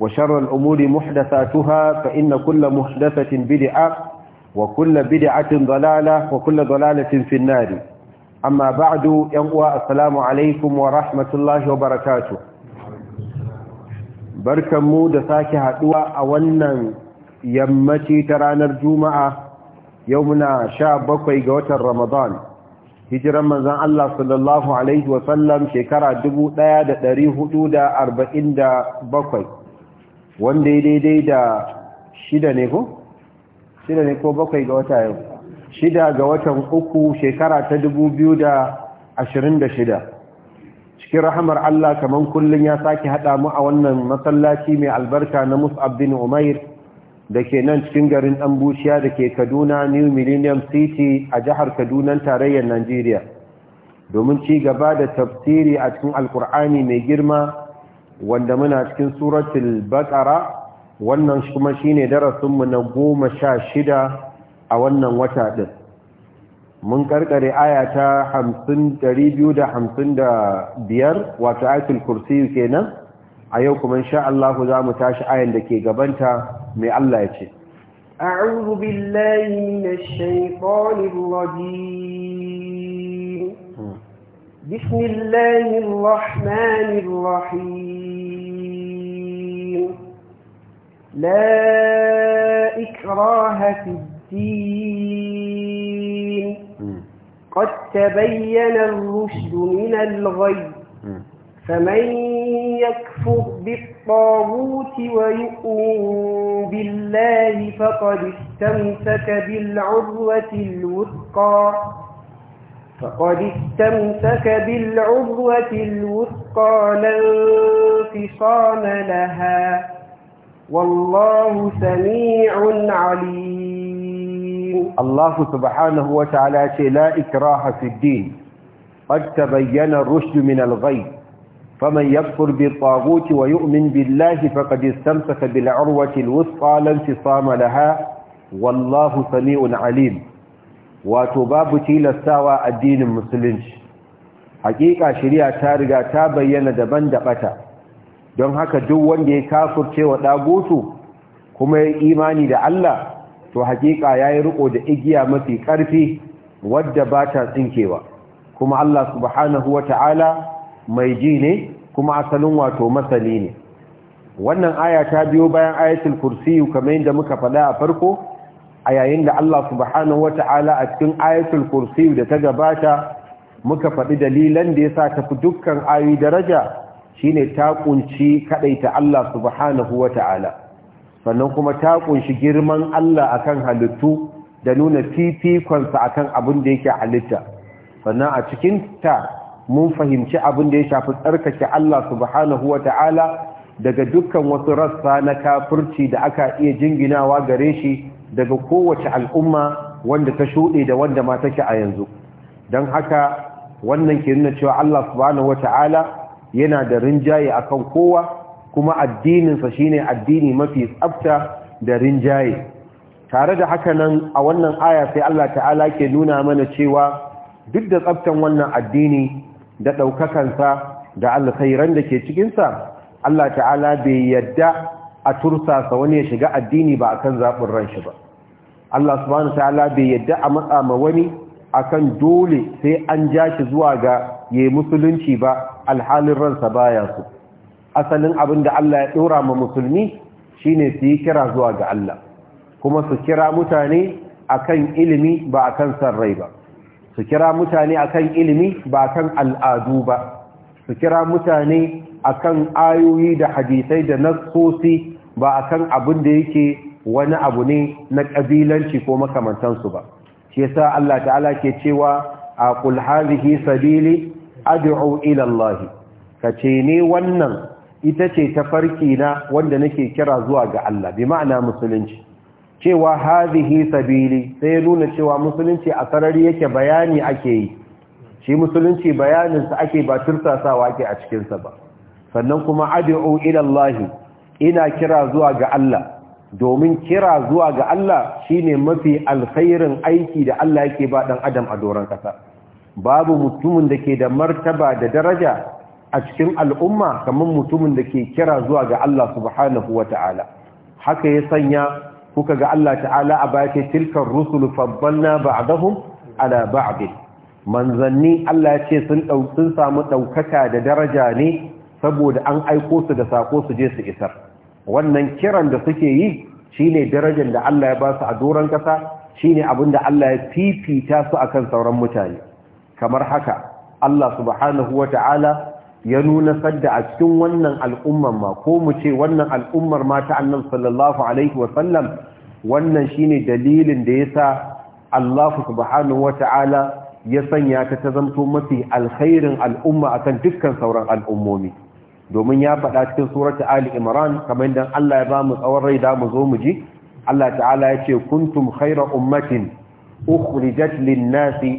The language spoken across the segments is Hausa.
وشر الأمور محدثاتها فإن كل محدثة بدعة وكل بدعة ضلالة وكل ضلالة في النار أما بعد ينقوى السلام عليكم ورحمة الله وبركاته بركة مودة ساكحة أولا يمتي ترانا الجمعة يومنا شابك ويقوة رمضان hijiran manzan Allah sallallahu Alaihi wasallam shekara bakwai. wanda ya daidai da shida ne ko? shida ne ko bakwai ga wata yau shida ga watan uku shekara ta dubu biyu da ashirin da shida cikin rahamar Allah kamar kullum ya sake haɗa mu a wannan masallaci mai albarka na Mus Abdin umair da ke nan cikin garin ɗan bushiya da ke kaduna new millennium city a jihar kaduna tarayyar najeriya domin ci gaba da tafsiri a cikin alkur'ani mai girma wanda muna cikin suratul baqara wannan kuma shine darasinmu na goma sha shida a wannan wata din mun karkare aya ta 5255 wato ayatul kursi kenan a yau kuma insha Allah za mu tashi ayan da ke gabanta mai Allah ya ce أعوذ بالله من الشيطان الرجيم بسم الله الرحمن الرحيم لا إكراه في الدين قد تبين الرشد من الغي فمن يكفر بالطاغوت ويؤمن بالله فقد استمسك بالعروة الوثقى فقد استمسك بالعروة الوثقى لا انفصام لها والله سميع عليم الله سبحانه وتعالى لا إكراه في الدين قد تبين الرشد من الغي فمن يكفر بالطاغوت ويؤمن بالله فقد استمسك بالعروة الوثقى لا انفصام لها والله سميع عليم wato babu tilastawa addinin musulunci hakika shari'a ta riga ta bayyana daban da bata don haka duk wanda ya kafurce wa dagutu kuma ya imani da Allah to hakika yayi riko da igiya mafi karfi wadda ba ta tsinkewa kuma Allah subhanahu wata'ala mai ji ne kuma asalin wato masali ne wannan aya ta biyo bayan ayatul kursiyu kamar yadda muka faɗa a farko a yayin da Allah subhanahu ta'ala a cikin ayatul kursi da ta gabata muka faɗi dalilan da ya ta fi dukkan ayoyi daraja shine ta kunci kaɗaita Allah subhanahu ta'ala sannan kuma ta kunshi girman Allah akan halittu da nuna fifikonsa akan abin da yake halitta sannan a cikin ta mun fahimci abin da ya shafi tsarkake Allah subhanahu ta'ala daga dukkan wasu rassa na kafirci da aka iya jinginawa gare shi daga kowace al'umma wanda ta shuɗe da wanda ma take a yanzu don haka wannan ke nuna cewa Allah subhanahu wata'ala yana da rinjaye akan kowa kuma addininsa shine addini mafi tsafta da rinjaye tare da haka nan a wannan aya sai Allah ta'ala ke nuna mana cewa duk da tsaftan wannan addini da ɗaukakansa da alkhairan da ke cikinsa Allah ta'ala bai yadda a tursasa wani ya shiga addini ba akan zaɓin ran shi ba Allah subhanahu ta'ala bai yadda a matsa ma wani akan dole sai an ja shi zuwa ga yayi musulunci ba alhalin ransa baya su asalin abin da Allah ya ɗora ma musulmi shine su yi kira zuwa ga Allah kuma su kira mutane akan ilimi ba akan san rai ba su kira mutane akan ilimi ba akan al'adu ba su kira mutane akan ayoyi da hadisai da nassosi ba akan abin da yake wani abu ne na ƙabilanci ko makamantansu ba shi yasa Allah ta'ala ke cewa a qul hadhihi sabili ad'u ila Allah kace ne wannan ita ce tafarki na wanda nake kira zuwa ga Allah bi ma'ana musulunci cewa hadhihi sabili sai nuna cewa musulunci a sarari yake bayani ake yi shi musulunci bayaninsa ake ba tursasawa ake a cikinsa ba sannan kuma ad'u ila Allah ina kira zuwa ga Allah domin kira zuwa ga Allah shine mafi alkhairin aiki da Allah yake ba dan adam a doron kasa babu mutumin da ke da martaba da daraja a cikin al'umma kamar mutumin da ke kira zuwa ga Allah subhanahu wata'ala haka ya sanya kuka ga Allah ta'ala a baki tilkar rusul fabbanna ba'dahum ala ba'd manzanni Allah ya ce sun sun samu daukaka da daraja ne saboda an aiko su da sako su je su isar wannan kiran da suke yi shine darajar da Allah ya ba su a doron kasa shine abin da Allah ya fifita su akan sauran mutane kamar haka Allah subhanahu ta'ala ya nuna sadda a cikin wannan al'ummar ma ko mu ce wannan al'ummar ma ta annan sallallahu alaihi wa sallam wannan shine dalilin da ya sa Allah subhanahu ta'ala ya sanya ta ta zanto mafi alkhairin al'umma akan dukkan sauran al'ummomi domin ya faɗa cikin surata ali imran kamar idan Allah ya ba mu tsawon rai da mu zo mu ji Allah ta'ala ya ce kuntum khayra ummatin ukhrijat lin-nasi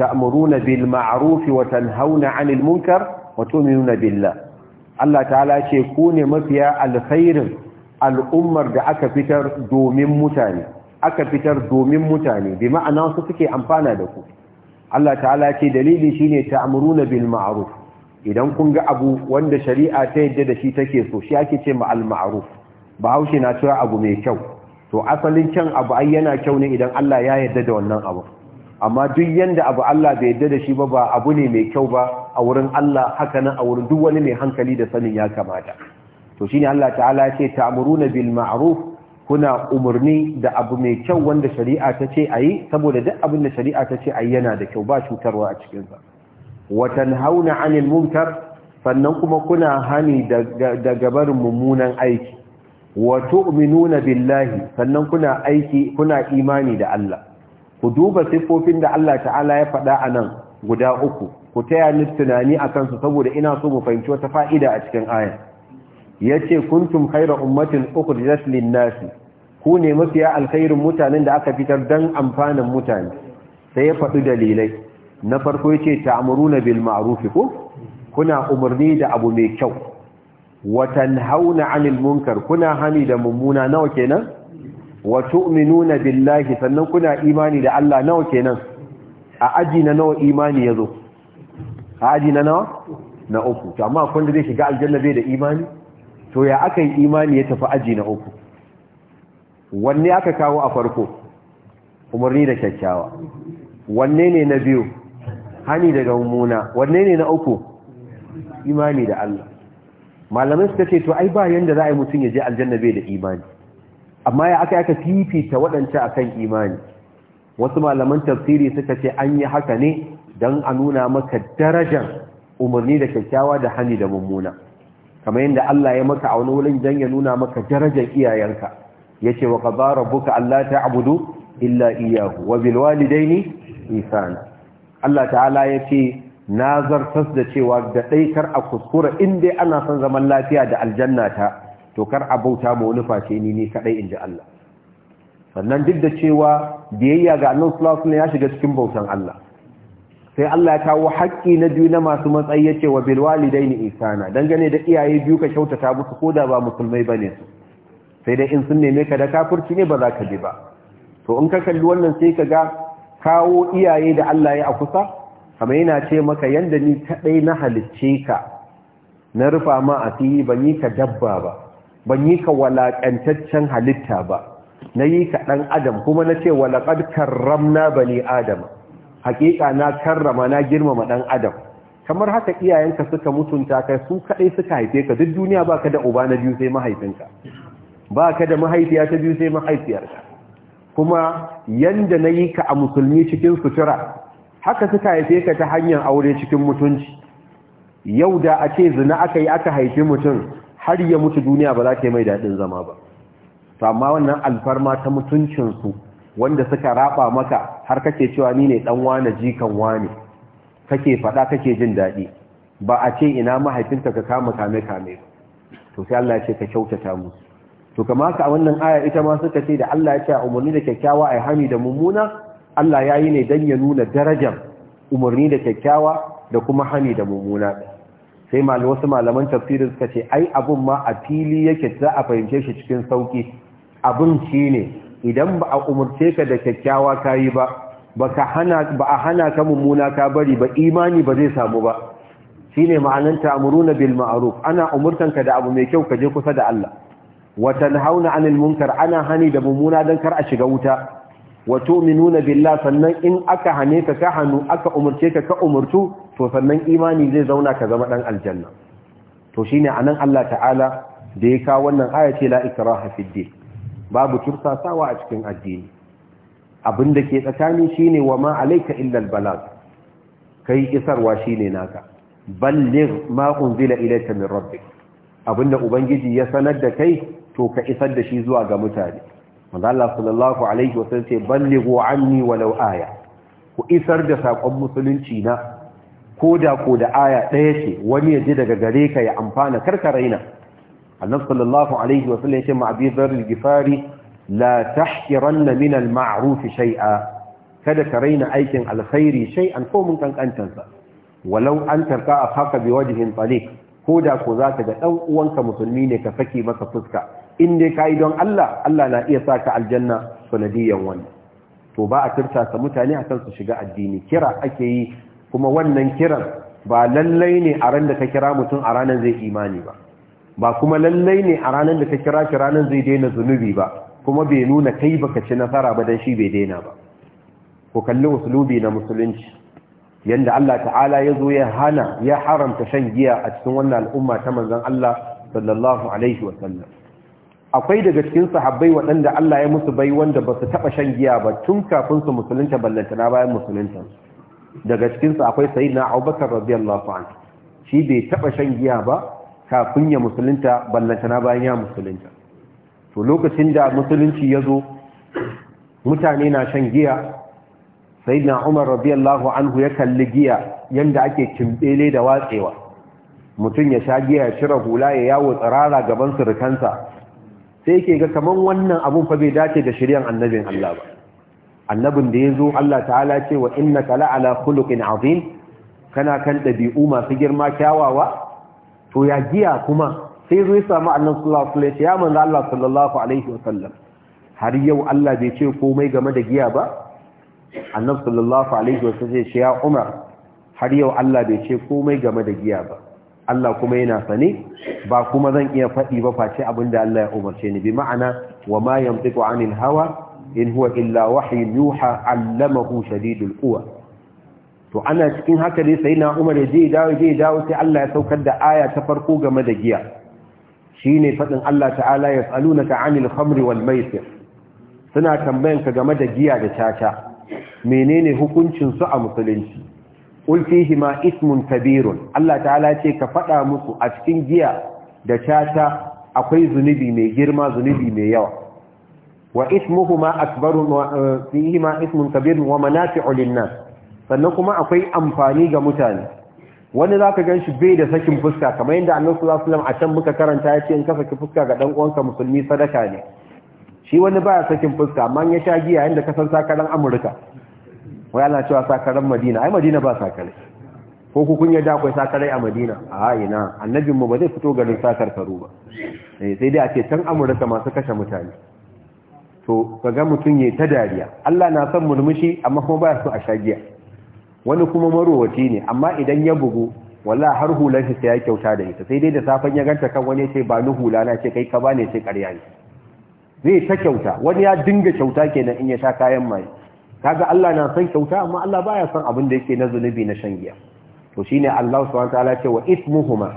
ta'muruna bil ma'ruf wa tanhauna 'anil munkar wa tu'minuna billah Allah ta'ala ya ce ku ne mafiya alkhairin al'ummar da aka fitar domin mutane aka fitar domin mutane bi ma'ana su suke amfana da ku Allah ta'ala ya ce dalili shine ta'muruna bil ma'ruf idan kun ga abu wanda shari'a ta yadda da shi take so shi ake ce ma'al ma'ruf bahaushe na cewa abu mai kyau to asalin kyan abu ai yana kyau ne idan Allah ya yarda da wannan abu amma duk yanda abu Allah bai yadda da shi ba ba abu ne mai kyau ba a wurin Allah haka nan a wurin duk wani mai hankali da sanin ya kamata to shine Allah ta'ala ya ce ta'muruna bil ma'ruf kuna umarni da abu mai kyau wanda shari'a ta ce ayi saboda duk abin da shari'a ta ce ayi yana da kyau ba cutarwa a cikin sa wa tanhauna 'anil munkar sannan kuma kuna hani daga barin mummunan aiki wa tu'minuna billahi sannan kuna aiki kuna imani da Allah ku duba siffofin da Allah ta'ala ya faɗa a nan guda uku ku taya ni tunani a kansu saboda ina so mu fahimci wata fa'ida a cikin ayan ya ce kuntum khaira ummatin ukhrijat lin-nasi ku ne mafiya alkhairin mutanen da aka fitar dan amfanin mutane sai ya faɗi dalilai na farko yace ta'muruna bil ma'ruf ku? kuna umarni da abu mai kyau wa tanhauna 'anil munkar kuna hani da mummuna nawa kenan wa tu'minuna billahi sannan kuna imani da Allah nawa kenan a aji na nawa imani yazo a aji na nawa na uku to amma kun da shiga aljanna bai da imani to ya aka yi imani ya tafi aji na uku wanne aka kawo a farko umarni da kyakkyawa wanne ne na biyu hani daga mummuna wanne ne na uku imani da Allah malamai suka ce to ai ba yanda za a yi mutum ya je aljanna bai da imani amma ya aka aka fifita waɗancan akan imani wasu malaman tafsiri suka ce an yi haka ne don a nuna maka darajar umarni da kyakkyawa da hani da mummuna kamar yadda Allah ya maka a wani wurin don ya nuna maka darajar iyayenka ya ce wa ka buka Allah ta abudu illa iyahu wa bilwalidaini isana Allah ta'ala ya ce nazar tas da cewa da kar a kuskura in dai ana son zaman lafiya da aljanna ta to kar a bauta ma wani face ni ne kaɗai in ji Allah sannan duk da cewa biyayya ga annan sulasun ya shiga cikin bautan Allah sai Allah ya kawo haƙƙi na biyu na masu matsayi ya ce wa bilwalidai ni isana dangane da iyaye biyu ka kyautata musu ko da ba musulmai ba ne su sai dai in sun neme ka da kafurci ne ba za ka ji ba to in ka kalli wannan sai ka ga kawo iyaye da Allah ya a kusa kamar yana ce maka yanda ni kadai na halicce ka na rufa ma fili ban yi ka dabba ba ban yi ka walakantaccen halitta ba na yi ka dan adam kuma na ce walaqad karramna bani adama hakika na karrama na girmama ɗan adam kamar haka iyayenka suka mutunta ka su kadai suka haife ka duk duniya baka da uba na biyu sai mahaifinka baka da mahaifiya ta biyu sai mahaifiyarka kuma yanda na yi ka a musulmi cikin sutura haka suka haife ka ta hanyar aure cikin mutunci yau da a ce zina aka yi aka haifi mutum har ya mutu duniya ba za ta yi mai daɗin zama ba Sama wannan alfarma ta mutuncinsu wanda suka raba maka har kake cewa ni ne ɗan wane jikan wane kake faɗa kake jin daɗi ba a ce ina mahaifinta ka kama kame kame ba to sai Allah ya ce ka kyautata musu to kama haka a wannan aya ita ma suka ce da Allah ya ce umarni da kyakkyawa ai hami da mummuna Allah ya yi ne dan ya nuna darajar umarni da kyakkyawa da kuma hami da mumuna. sai mal wasu malaman tafsirin suka ce ai abun ma a fili yake za a fahimce shi cikin sauki abun shine idan ba a umurce ka da kyakkyawa kayi ba baka hana ba a hana ka mumuna ka bari ba imani ba zai samu ba shine ma'anan ta'muruna bil ma'ruf ana umurtanka da abu mai kyau ka je kusa da Allah wa tanhauna 'anil munkar ana hani da mummuna dan kar a shiga wuta wa tu'minuna billah sannan in aka hane ka ka hanu aka umurce ka ka umurtu to sannan imani zai zauna ka zama dan aljanna to shine anan Allah ta'ala da ya kawo wannan aya ce la ikraha fid din babu tursasawa a cikin addini abinda ke tsakani shine wa ma alayka illa albalag kai isarwa shine naka balligh ma unzila ilayka min rabbik abinda ubangiji ya sanar da kai to ka isar da shi zuwa ga mutane manzo sallallahu alaihi wasallam ce ballighu anni walau aya ku isar da sakon musulunci na koda ko da aya ɗaya ce wani ya ji daga gare ka ya amfana karka raina annabi sallallahu alaihi wasallam ya ce ma al-gifari la tahqiranna min al-ma'ruf shay'a kada ka raina aikin alkhairi shay'an ko mun kankantansa walau an tarka a haka bi wajhin talik ko da ko zaka ga dan uwanka musulmi ne ka saki maka fuska in dai kayi don Allah Allah na iya sa ka aljanna sanadiyan wani. to ba a tursasa mutane akan su shiga addini kira ake yi kuma wannan kiran ba lallai ne a ran da ka kira mutum a ranar zai imani ba ba kuma lallai ne a ranar da ka kira shi ranar zai daina zunubi ba kuma bai nuna kai baka ci nasara ba dan shi bai daina ba Ku kalli uslubi na musulunci yanda Allah ta'ala ya zo ya hana ya haramta shan giya a cikin wannan al'umma ta manzon Allah sallallahu alaihi wa sallam akwai daga cikin sahabbai waɗanda Allah ya musu bai wanda ba su taɓa shan giya ba tun kafin su musulunta na bayan musulunta daga cikin su akwai sayi na abubakar radiyallahu anhu. shi bai taɓa shan giya ba kafin ya musulunta na bayan ya musulunta to lokacin da musulunci ya zo mutane na shan giya sai na umar radiyallahu anhu ya kalli giya yadda ake kimbele da watsewa mutum ya sha giya ya cire hula ya yawo tsirara gaban surukansa sai ke ga kaman wannan abun fa bai dace da shiryan annabin Allah ba annabin da ya zo Allah ta'ala ce wa innaka la'ala khuluqin azim kana kan dabi'u masu girma kyawawa to ya giya kuma sai zo ya samu annabi sallallahu alaihi wasallam ya manzo Allah sallallahu alaihi wasallam har yau Allah bai ce komai game da giya ba annabi sallallahu alaihi wasallam ya Umar har yau Allah bai ce komai game da giya ba Allah kuma yana sani ba kuma zan iya faɗi ba face abinda Allah ya umarce ni bi ma'ana wa ma yantiqu anil hawa in huwa illa wahyu yuha allamahu shadidul quwa to ana cikin haka dai sai na Umar je dawo je dawo sai Allah ya saukar da aya ta farko game da giya shine fadin Allah ta'ala yasalunaka anil khamri wal maisir suna tambayanka game da giya da caca menene hukuncin su a musulunci qul fihi ma ismun kabirun Allah ta'ala ce ka faɗa musu a cikin giya da tata akwai zunubi mai girma zunubi mai yawa wa ismuhuma akbaru fihi ma ismun kabir wa manafi'u lin sannan kuma akwai amfani ga mutane wani zaka ka gan bai da sakin fuska kamar yadda annabi sallallahu alaihi a can muka karanta ya ce in ka saki fuska ga dan uwanka musulmi sadaka ne shi wani baya sakin fuska amma ya sha giya yanda ka san dan amurka wai ana cewa sakarar madina ai madina ba sakarai ko ku yadda akwai sakarai a madina a ina mu ba zai fito garin sakar karu ba eh, sai dai a ce can amurka masu kashe mutane to ga mutum ya ta dariya Allah na san murmushi amma kuma ba su a shagiya wani kuma marowaci ne amma idan ya bugu wallah har hular shi sai ya kyauta da ita sai dai da safan ya ganta kan wani ce ba ni hula na ce kai ka bane ce ƙarya ne zai ta kyauta wani ya dinga kyauta kenan in ya sha kayan mai kaga Allah na san kyauta amma Allah baya san abin da yake na zunubi na shan giya to shine Allah subhanahu wataala ce wa ismuhuma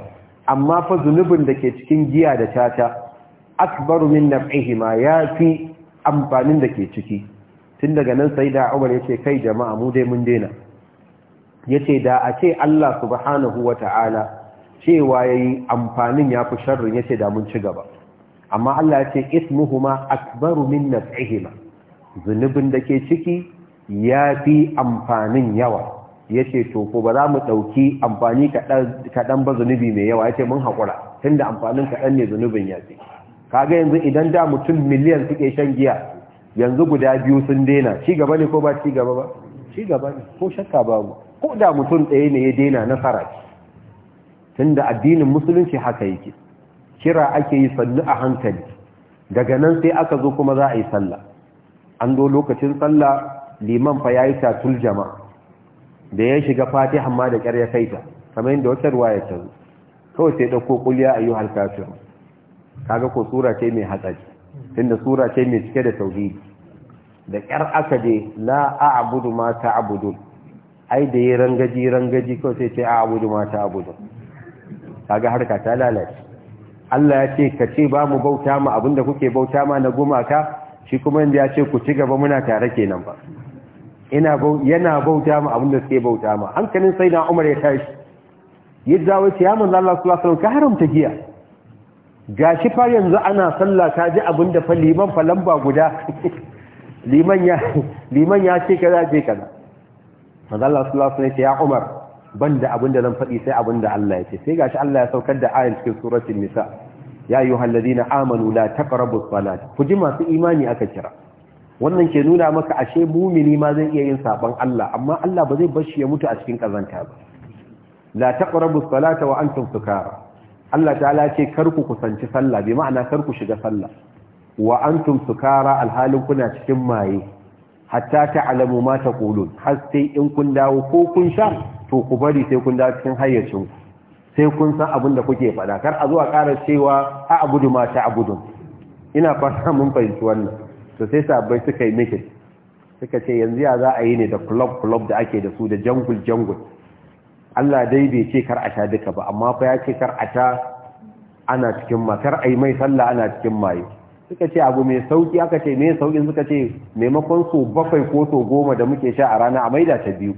amma fa zunubin da ke cikin giya da caca akbaru min naf'ihima yafi amfanin da ke ciki tun daga nan sai da Umar yace kai jama'a mu dai mun daina yace da a ce Allah subhanahu wataala cewa yayi amfanin yafi sharrin yace da mun ci gaba amma Allah yace ismuhuma akbaru min naf'ihima zunubin da ke ciki ya fi amfanin yawa ya ce to ba za mu ɗauki amfani kaɗan ba zunubi mai yawa ya ce mun haƙura tun da amfanin kaɗan ne zunubin ya fi kaga yanzu idan da mutum miliyan suke shan giya yanzu guda biyu sun dena. ci gaba ne ko ba ci gaba ba ci gaba ne ko shakka mu ko da mutum ɗaya ne ya dena nasara ce tun da addinin musulunci haka yake kira ake yi sannu a hankali daga nan sai aka zo kuma za a yi sallah an zo lokacin sallah liman fa yayi tatul jama'a da ya shiga fatihan amma da kyar ya kaita kamar yadda wata ruwa ya canzu kawai sai ɗauko kuliya a yi halkafin kaga ko sura ce mai hatsari tunda sura ce mai cike da tauhidi da kyar aka je la a abudu ma ta abudu ai da yi rangaji rangaji kawai sai ce a abudu ma ta abudu kaga harka ta lalace Allah ya ce ka ce ba mu bauta ma abinda kuke bauta ma na gumaka shi kuma yanzu ya ce ku ci gaba muna tare kenan ba ina yana bauta ma abinda suke bauta ma hankalin sai na umar ya tashi yadda wace ya manzo Allah sallallahu alaihi ka haramta giya gashi fa yanzu ana sallah ka ji abinda fa liman fa lamba guda liman ya liman ya ce kaza ce kaza manzo Allah sallallahu alaihi ya umar banda abinda zan faɗi sai abinda Allah ya ce sai gashi Allah ya saukar da ayatin cikin suratul nisa ya ayyuhal ladina amanu la taqrabu salata ku ji masu imani aka kira wannan ke nuna maka ashe mumini ma zai iya yin saban Allah amma Allah ba zai bar shi ya mutu a cikin kazanta ba la taqrabu salata wa antum sukara Allah ta'ala ce kar ku kusanci sallah bi ma'ana kar ku shiga sallah wa antum sukara alhalin kuna cikin maye hatta ta'lamu ma taqulun har sai in kun dawo ko kun sha to ku bari sai kun dawo cikin hayyacin ku sai kun san abin da kuke faɗa kar a zuwa ƙara cewa a abudu ma ta abudun ina fata mun fahimci wannan to sai sabbai suka yi mikin suka ce yanzu ya za a yi ne da club club da ake da su da jangul jangul Allah dai bai ce kar a sha duka ba amma fa ya ce kar a ta ana cikin ma kar a yi mai sallah ana cikin maye suka ce abu mai sauki aka ce mai sauki suka ce maimakon so bakwai ko so goma da muke sha a rana a maida ta biyu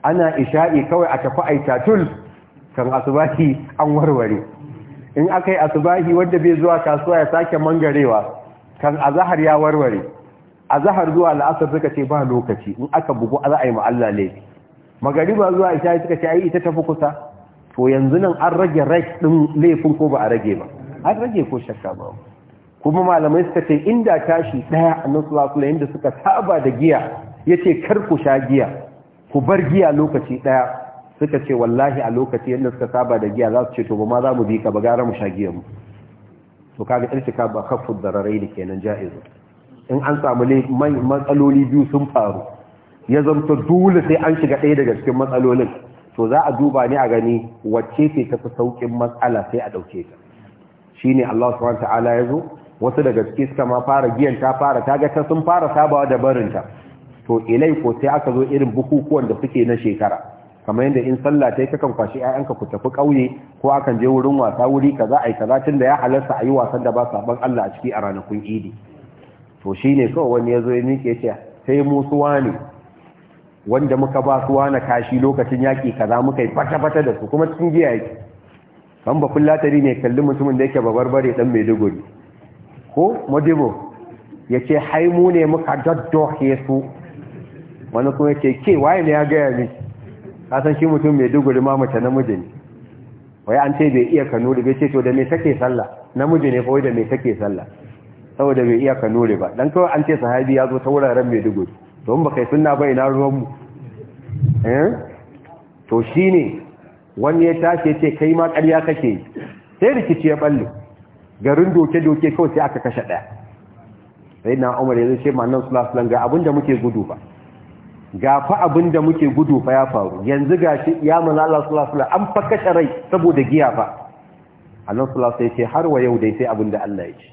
ana isha'i kawai a tafi aitatul kan asubahi an warware in aka yi asubahi wanda bai zuwa kasuwa ya sake mangarewa kan azahar ya warware azahar zuwa la'asar suka ce ba lokaci in aka bugu za a yi ma'alla laifi magariba zuwa isha suka ce ai ita tafi kusa to yanzu nan an rage rai ɗin laifin ko ba a rage ba an rage ko shakka ba kuma malamai suka ce inda tashi ɗaya annabi sallallahu alaihi wasallam suka saba da giya ya ce kar ku sha giya ku bar giya lokaci ɗaya. suka ce wallahi a lokaci yadda suka saba da giya za su ce to ba ma za mu bi ka ba gara mu sha giyan mu to kaga irtika ba kaffu dararai da kenan ja'izu in an samu ne matsaloli biyu sun faru ya zamta dole sai an shiga ɗaya daga cikin matsalolin to za a duba ne a gani wacce ce ta fi saukin matsala sai a ɗauke Shi ne Allah subhanahu ta'ala ya zo wasu daga cikin suka ma fara giyan ta fara ta ta sun fara sabawa da barinta to ilai ko sai aka zo irin bukukuwan da suke na shekara kamar yadda in sallah ta yi kakan kwashi ƴaƴanka ku tafi ƙauye ko akan je wurin wasa wuri ka kaza yi kaza tun da ya halarta a yi wasan da ba saban Allah a ciki a ranakun idi to shi ne kawai wani ya zo ya miƙe ce sai mu suwa ne wanda muka ba suwa na kashi lokacin yaƙi kaza muka yi fata-fata da su kuma cikin giya yake kan ba kullatari ne kalli mutumin da yake babarbare ɗan maiduguri ko modibo ya ce haimu ne muka daddo su wani kuma ya ce ke waye ne ya gaya miki Ka san shi mutum mai duguri ma mace namiji ne wai an ce bai iya kanuri bai ce to da mai take sallah namiji ne kawai da mai take sallah saboda bai iya kanuri ba dan kawai an ce sahabi ya zo ta wuraren mai duguri don ba kai sunna ba ina ruwan mu eh to shine wani ya tashi ce kai ma ƙarya kake sai rikici ya balle garin doke-doke kawai sai aka kashe ɗaya sai na umar ya zai ce ma nan sulasulan ga abinda muke gudu ba Ga fa abin da muke gudu fa ya faru yanzu gashi ya manzo Allah sallallahu alaihi wasallam an fa kashe rai saboda giya fa Allah sallallahu alaihi wasallam har wa yau dai sai abin da Allah ya ce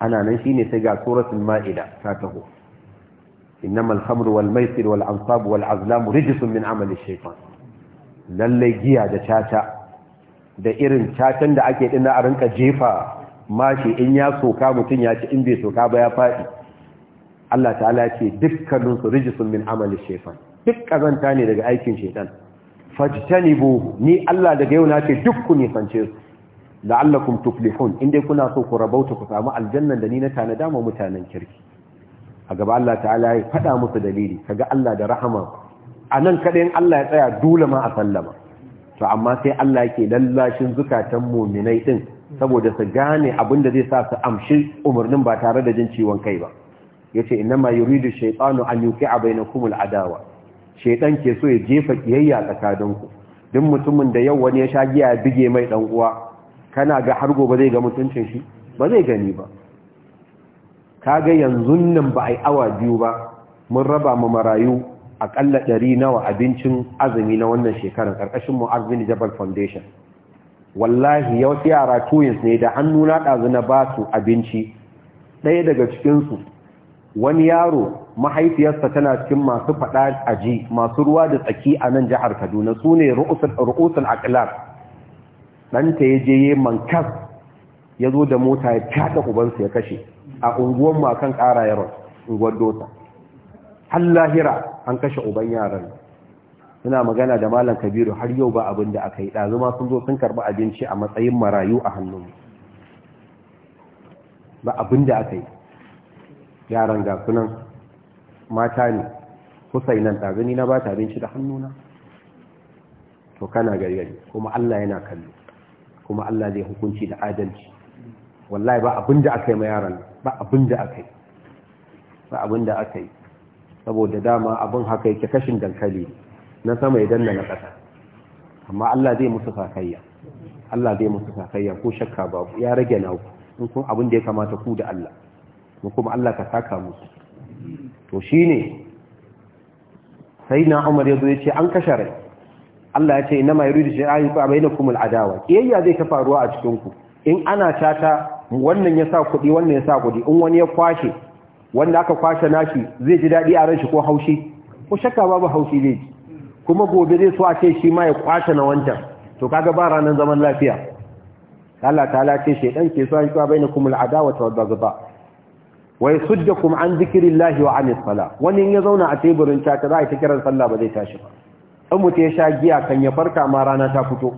ana nan shine sai ga suratul maida ta taho innamal khamru wal maisir wal ansab wal azlam rijsun min amali shaytan lalle giya da caca da irin cacan da ake dina a rinka jefa mashi in ya soka mutun ya ci in bai soka ba ya fadi Allah ta'ala Ya ce dukkaninsu rijisun min amali shaitan duk kazanta ne daga aikin shaitan fajtanibu ni Allah daga yau na ce duk ku nisance su la'allakum tuflihun indai kuna so ku rabauta ku samu aljannan da ni na tana dama mutanen kirki a gaba Allah ta'ala ya faɗa musu dalili kaga Allah da rahama anan kaɗai Allah ya tsaya dole ma a sallama to amma sai Allah yake lallashin zukatan muminai din saboda su gane abin da zai sa su amshi umarnin ba tare da jin ciwon kai ba yace shaiɗanu yuridu shaytanu an yuqi'a bainakum al'adawa shaytan ke so ya jefa kiyayya tsakaninku duk mutumin da yau wani ya sha giya ya bige mai dan uwa kana ga har gobe zai ga mutuncin shi ba zai gani ba kaga yanzu nan ba a yi awa biyu ba mun raba mu marayu akalla ɗari nawa abincin azumi na wannan shekarar karkashin mu'azzin Jabal Foundation wallahi yau yara tuyins ne da hannu na ɗazu na ba su abinci ɗaya daga cikinsu wani yaro mahaifiyarsa tana cikin masu faɗa aji masu ruwa da tsaki a nan jihar kaduna su ne ru'usul akilar ɗanta ya je yi mankas ya zo da mota ya fyaɗa ubansa ya kashe a unguwan makon ƙara yaron unguwar dota har an kashe uban yaran suna magana da malam kabiru har yau ba abin da aka yi ɗazu sun zo sun karɓi abinci a matsayin marayu a hannun ba abin da aka yi yaran ga sunan mata ne kusai nan ɗazini na ba ta abinci da hannuna to kana gari kuma Allah yana kallo kuma Allah zai hukunci da adalci wallahi ba abin da aka yi ma yaran ba abin da aka yi ba abin da aka yi saboda dama abin haka yake kashin dankali na sama idan na ƙasa amma Allah zai musu sakayya Allah zai musu sakayya ko shakka ba ya rage nauku, in kun abin da ya kamata ku da Allah mu kuma Allah ka saka musu to shine sai na Umar yazo yace an kashe rai Allah ya ce inna ma yuridu shay'an fa bainakum al'adawa kiyayya zai ta faruwa a cikin ku in ana tata wannan ya sa kuɗi wannan ya sa kuɗi in wani ya kwashe wanda aka kwashe nashi zai ji daɗi a ran ko haushi ko shakka babu haushi zai ji kuma gobe zai so a ce shi ma ya kwashe na wancan to kaga ba ranar zaman lafiya Allah ta ce shedan ke so an kwa bainakum al'adawa wa Wai sudda kuma an lahi wa anis fala. wani in ya zauna a teburin caka za a ta kiran sallah ba zai tashi ba in mutum ya sha giya kan ya farka ma rana ta fito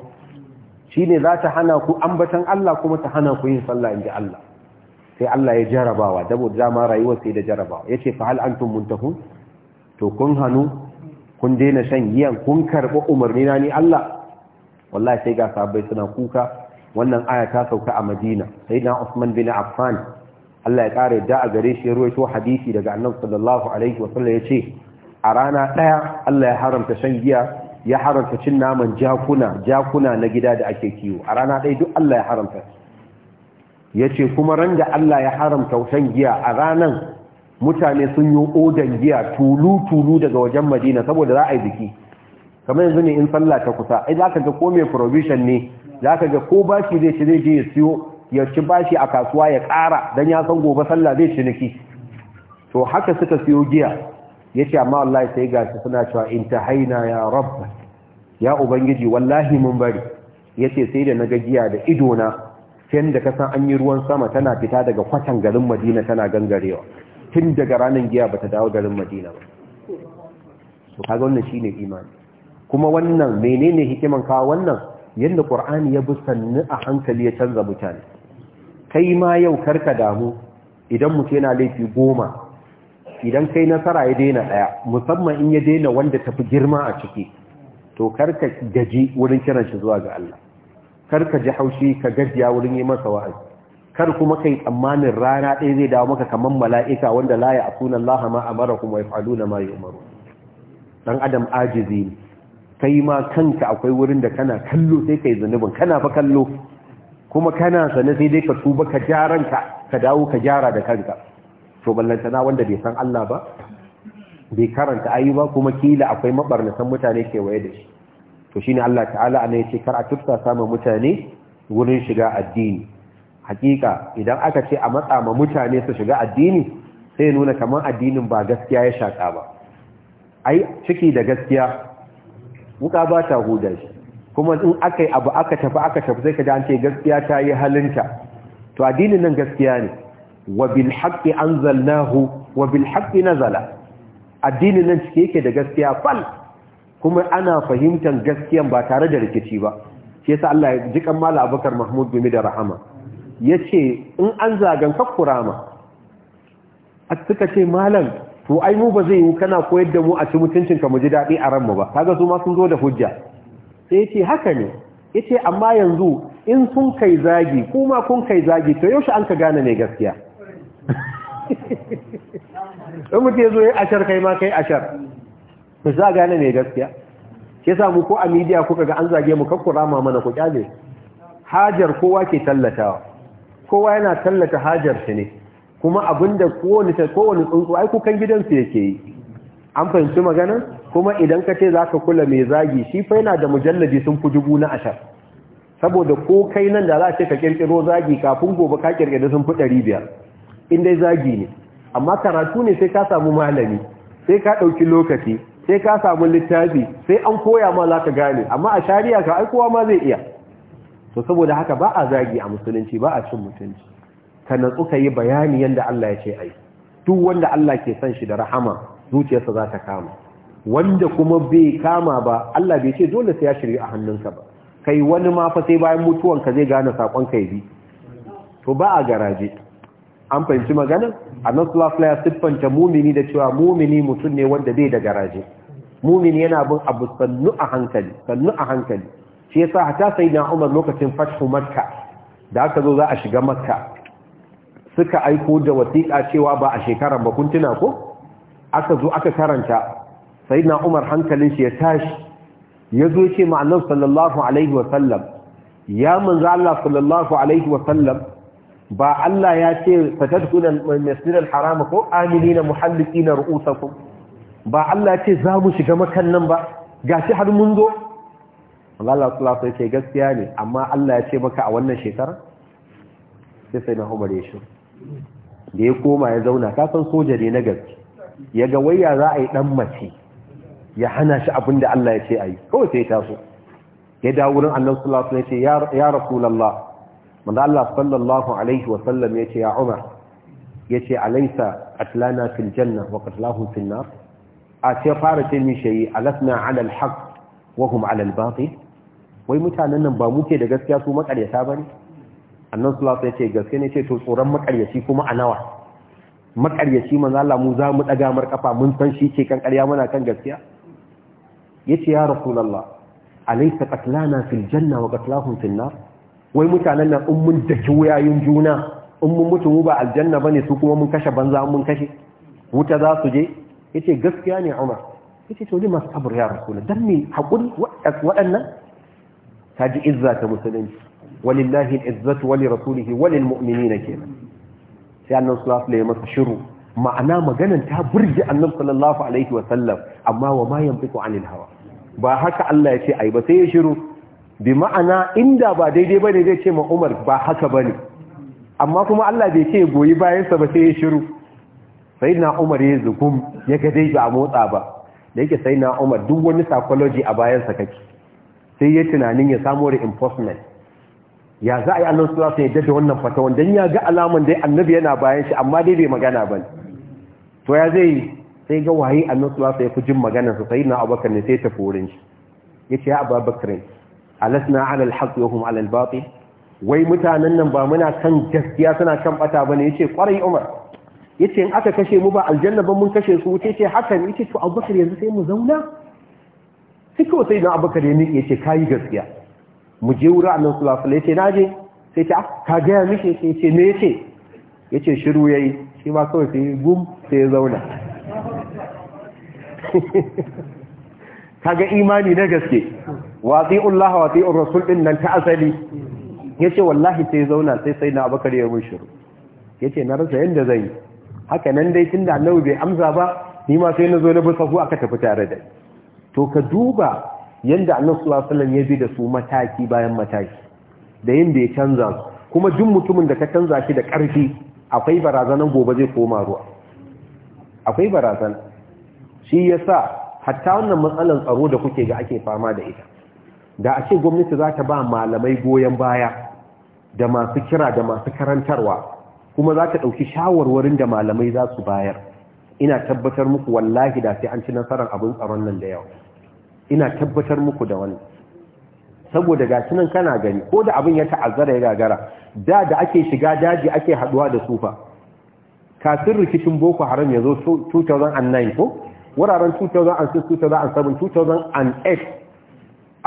ne za ta hana ku ambatan Allah kuma ta hana ku yin sallah ji Allah sai Allah ya jarabawa dabo dama rayuwar sai da jarabawa ce fa hal antum muntahun to kun hannu, kun daina shan giyan kun karbi umarni na ni Allah wallahi sai ga sahabbai suna kuka wannan aya ta sauka a Madina Sai na Usman bin Affan Allah ya kare da a gare shi ya ruwaito hadisi daga annabi sallallahu alaihi wa sallam yace a rana ɗaya Allah ya haramta shan giya ya haramta cin naman jakuna jakuna na gida da ake kiwo a rana daya duk Allah ya haramta yace kuma ran da Allah ya haramta shan giya a ranan mutane sun yi odan giya tulu tulu daga wajen Madina saboda za a yi biki kamar yanzu ne in sallah ta kusa ai zaka ga ko me provision ne zaka ga ko shi zai ci zai je ya siyo ya ci bashi a kasuwa ya ƙara don ya san gobe sallah zai ciniki to haka suka siyo giya ya ce amma Allah sai ga suna cewa in ta haina ya rabba ya ubangiji wallahi mun bari ya ce sai da na giya da idona sai da ka san an yi ruwan sama tana fita daga kwatan garin madina tana gangarewa tun daga ranar giya ba ta dawo garin madina ba to kaga wannan shine imani kuma wannan menene hikiman kawo wannan yadda ƙur'ani ya bi sannu a hankali ya canza mutane kai ma yau karka damu idan mutum yana laifi goma idan kai nasara ya daina ɗaya musamman in ya daina wanda tafi girma a ciki to karka gaji wurin kiran shi zuwa ga Allah karka ji haushi ka gajiya wurin yi masa wa'azi kar kuma kai tsammanin rana ɗaya zai dawo maka kamar mala'ika wanda la ya asuna Allah ma amara kuma na ma umaru dan adam ajizi kai ma kanka akwai wurin da kana kallo sai kai zunubin kana fa kallo kuma kana sane sai dai ka tuba ka jaranka ka dawo ka jara da kanka to ballantana wanda bai san Allah ba bai karanta ayi ba kuma kila akwai mabarnatan mutane ke waye da shi to shine Allah ta'ala ana yace kar a tufta samu mutane wurin shiga addini hakika idan aka ce a matsa ma mutane su shiga addini sai nuna kamar addinin ba gaskiya ya shaka ba ai ciki da gaskiya wuka ba ta huda shi kuma in aka yi abu aka tafi aka tafi sai ka da an ce gaskiya ta yi halinta to addinin nan gaskiya ne wa bil haqqi anzalnahu wa bil haqqi nazala addinin nan cike yake da gaskiya fal kuma ana fahimtar gaskiyan ba tare da rikici ba shi yasa Allah ya ji kan Abubakar Mahmud bin da rahama yace in an zagan ka kurama a suka ce malam to ai mu ba zai yi kana koyar da mu a ci mutuncin ka mu ji dadi a ran mu ba kaga su ma sun zo da hujja sai ce haka ne yace amma yanzu in sun kai zagi kuma kun kai zagi to yaushe an ka gane mai gaskiya in mutu ya zo ya ashar kai ma kai ashar ba za gane mai gaskiya ke samu ko a midiya kuka ga an zage mu kakkura ma mana ku kyale hajar kowa ke tallatawa kowa yana tallata hajar shi ne kuma abinda kowane kowane tsuntsu ai kukan gidansu yake yi an fahimci maganar? kuma idan ka ce za ka kula mai zagi shi fa yana da mujallabi sun fi dubu na ashar saboda ko kai nan da za a ce ka kirkiro zagi kafin gobe ka kirkiro sun fi ɗari biyar in dai zagi ne amma karatu ne sai ka samu malami sai ka ɗauki lokaci sai ka samu littafi sai an koya ma za ka gane amma a shari'a ka aikowa ma zai iya to saboda haka ba a zagi a musulunci ba a cin mutunci ka natsu ka yi bayani yadda Allah ya ce ai duk wanda Allah ke son shi da rahama zuciyarsa za ta kama wanda kuma bai kama ba Allah bai ce dole sai ya shirya a hannunka ba kai wani ma fa sai bayan ka zai gane sakon kai bi to ba a garaje an fahimci magana annabi sallallahu alaihi wasallam siffanta mumini da cewa mumini mutum ne wanda bai da garaje mumini yana bin abu sannu a hankali sannu a hankali shi yasa hatta sayyidina Umar lokacin fathu Makka da aka zo za a shiga Makka suka aiko da wasiƙa cewa ba a shekaran ba kun tuna ko aka zo aka karanta Sai na umar hankalin shi ya tashi ya zo ce ma sallallahu alaihi wa sallam ya manzo Allah sallallahu alaihi wa sallam ba Allah ya ce fatadkhulul masjid al-haram ko aminina muhallikina ru'usakum ba Allah ya ce za mu shiga makan nan ba gashi har mun zo Allah sallallahu alaihi ce gaskiya ne amma Allah ya ce maka a wannan shekara sai sai na Umar ya shi da ya koma ya zauna ka san soja ne na gaske ya ga waya za a yi dan mace ya hana shi abin da Allah ya ce a yi kawai sai ya taso ya dawo wurin Allah sallallahu alaihi wasallam ya ce ya rasulullah manzo Allah sallallahu alaihi wa sallam ya ce ya Umar ya ce alaysa atlana fil janna wa qatlahu fil nar a ce fara ce mi shayi alasna ala al haqq wa hum ala al batil wai mutanen nan ba muke da gaskiya su makaryata bane annan sallallahu ya ce gaske ne ce to tsoron makaryaci kuma a nawa makaryaci manzo Allah mu za mu daga mar kafa mun san shi ce kan ƙarya muna kan gaskiya yace ya rasulullah alaysa qatlana fil janna wa qatlahum fil nar wai mutanen nan in mun daki wayayin juna in mutu mu ba aljanna bane su kuma mun kashe banza mun kashe wuta za su je yace gaskiya ne Umar yace to lima sabr ya rasulullah dan me hakuri waɗannan kaji izza ta musulunci walillahi al-izzatu wa li rasulihi wa lil mu'minina kenan sai annabi sallallahu alaihi wasallam shiru ma'ana maganan ta burge annabi sallallahu alaihi wasallam amma wa ma yanfiqu anil hawa ba haka Allah ya ce ai ba sai ya shiru bi ma'ana inda ba daidai bane zai ce ma Umar ba haka bane amma kuma Allah bai ce goyi bayansa ba sai ya shiru sayyidina Umar ya zugum ya ga dai ba motsa ba da yake sayyidina Umar duk wani psychology a bayansa kake sai ya tunanin ya samu reinforcement ya za a yi Allah su sai yadda da wannan fatawan dan ya ga alaman dai annabi yana bayan shi amma dai bai magana ba to ya zai sai ga waye annabi sallallahu alaihi wasallam ya fi jin maganar sa sayyidina abubakar ne sai ya tafi wurin shi yace ya abubakar alasna ala alhaq wa hum ala albatil wai mutanen nan ba muna kan gaskiya suna kan bata bane yace kwarai umar yace in aka kashe mu ba aljanna ba mun kashe su yace hakan yace to abubakar yanzu sai mu zauna sai kawai sai abubakar ya miƙe yace kayi gaskiya mu je wurin annabi sallallahu alaihi wasallam yace naje sai ta ah, ka ga ya mishi sai yace me yace yace shiru yayi shi ma kawai sai gum sai ya zauna kaga imani na gaske wati'ullah Allah wati'ur rasul din nan ta asali yace wallahi sai zauna sai sai na abakar ya mun shiru yace na rasa yanda zai yi haka nan dai tunda annabi bai amsa ba ni ma sai na zo na bi aka tafi tare da to ka duba yanda Allah sallallahu alaihi wasallam ya bi da su mataki bayan mataki da yanda ya canza kuma duk mutumin da ka canza shi da ƙarfi akwai barazanan gobe zai koma ruwa akwai barazanan shi ya sa, hatta wannan matsalar tsaro da kuke ga ake fama da ita da a ce gwamnati za ta ba malamai goyon baya da masu kira da masu karantarwa kuma za ta ɗauki shawarwarin da malamai za su bayar ina tabbatar muku wallahi da sai an ci nasarar abin tsaron nan da yau ina tabbatar muku da wannan saboda ga nan kana gani ko da abin ya ta'azzara ya gagara da da ake shiga daji ake haduwa da sufa kafin rikicin boko haram ya zo 2009 ko wuraren 2006 2007 2008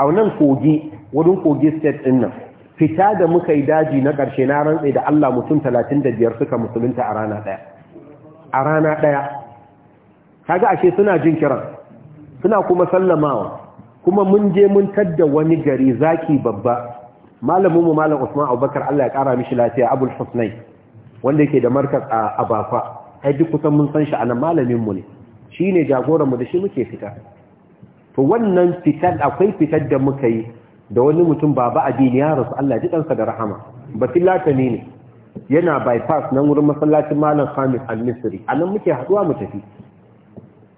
a wannan kogi wurin kogi state din nan fita da muka yi daji na ƙarshe na rantse da Allah mutum 35 suka musulunta a rana ɗaya a rana ɗaya kaga ashe suna jin kiran suna kuma sallamawa kuma mun je mun tadda wani gari zaki babba malamin mu malam Usman Abubakar Allah ya kara mishi lafiya Abul Husnai wanda yake da markaz a Abafa ai duk kusan mun san shi anan malamin mu ne shi ne mu da shi muke fita to wannan fitar akwai fitar da muka yi da wani mutum baba addini ya rasu Allah ji ɗansa da rahama ba basilata ne ne yana bypass nan wurin masallacin malam khamis al-misri a nan muke haɗuwa mu tafi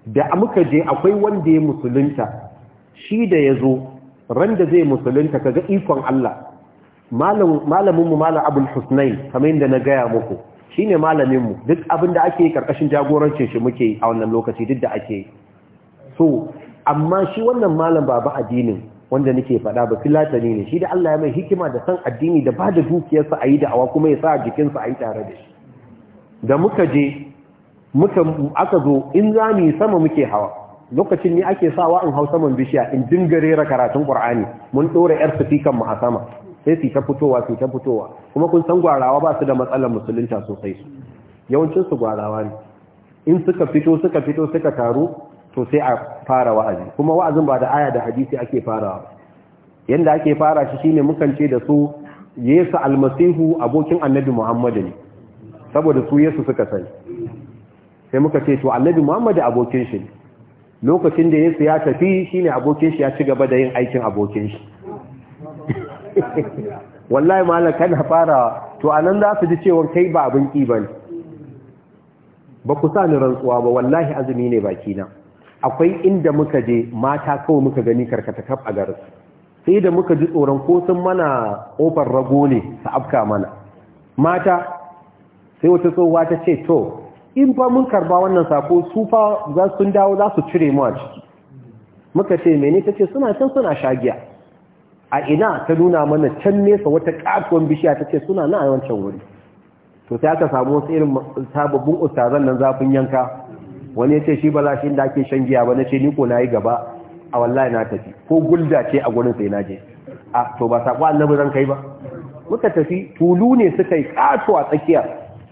da muka je akwai wanda ya musulunta shi da ya zo ran da zai musulunta kaga ikon Allah malamin mu malam abul husnain kamar yadda na gaya muku Shi ne malaminmu duk abin da ake karkashin jagorancin shi muke a wannan lokaci duk da ake yi. so amma shi wannan malam baba addinin wanda nake faɗa ba filatani ne shi da Allah ya mai hikima da san addini da ba da dukiyarsa a yi awa kuma ya sa jikinsa a yi tare da shi da muka je muka aka zo in za mu yi sama muke hawa lokacin ne ake sawa in hau saman bishiya in dingare rera karatun Qur'ani mun dora yar sifikan mu a sama sai su ta fitowa su fitowa kuma kun san gwarawa ba su da matsalar musulunta sosai su yawancin su gwarawa ne in suka fito suka fito suka taru to sai a fara wa'azi kuma wa'azin ba da aya da hadisi ake farawa yanda ake fara shi shine mukan ce da su Yesu almasihu abokin annabi Muhammad ne saboda su Yesu suka sani sai muka ce to annabi Muhammad abokin shi lokacin da Yesu ya tafi shine abokin shi ya ci gaba da yin aikin abokin shi wallahi malam kana farawa to anan za su ji cewa kai ba abin ki bane ba ku sa ni rantsuwa ba wallahi azumi ne baki na akwai inda muka je mata kawai muka gani karkata kaf a garin sai da muka ji tsoron ko sun mana kofar rago ne su afka mana mata sai wata tsohuwa ta ce to in fa mun karba wannan sako su fa za sun dawo za su cire mu a ciki muka ce mene ta ce suna can suna shagiya a ina ta nuna mana can nesa wata katuwan bishiya ta ce suna na a wancan wuri to sai aka samu wasu irin sababbin ustazan nan zafin yanka wani ya ce shi ba za shi da ake shan giya ba na ce ni ko na yi gaba a wallahi na tafi ko gulda ce a gurin sai na je a to ba saƙo annabi zan kai ba muka tafi tulu ne suka yi a tsakiya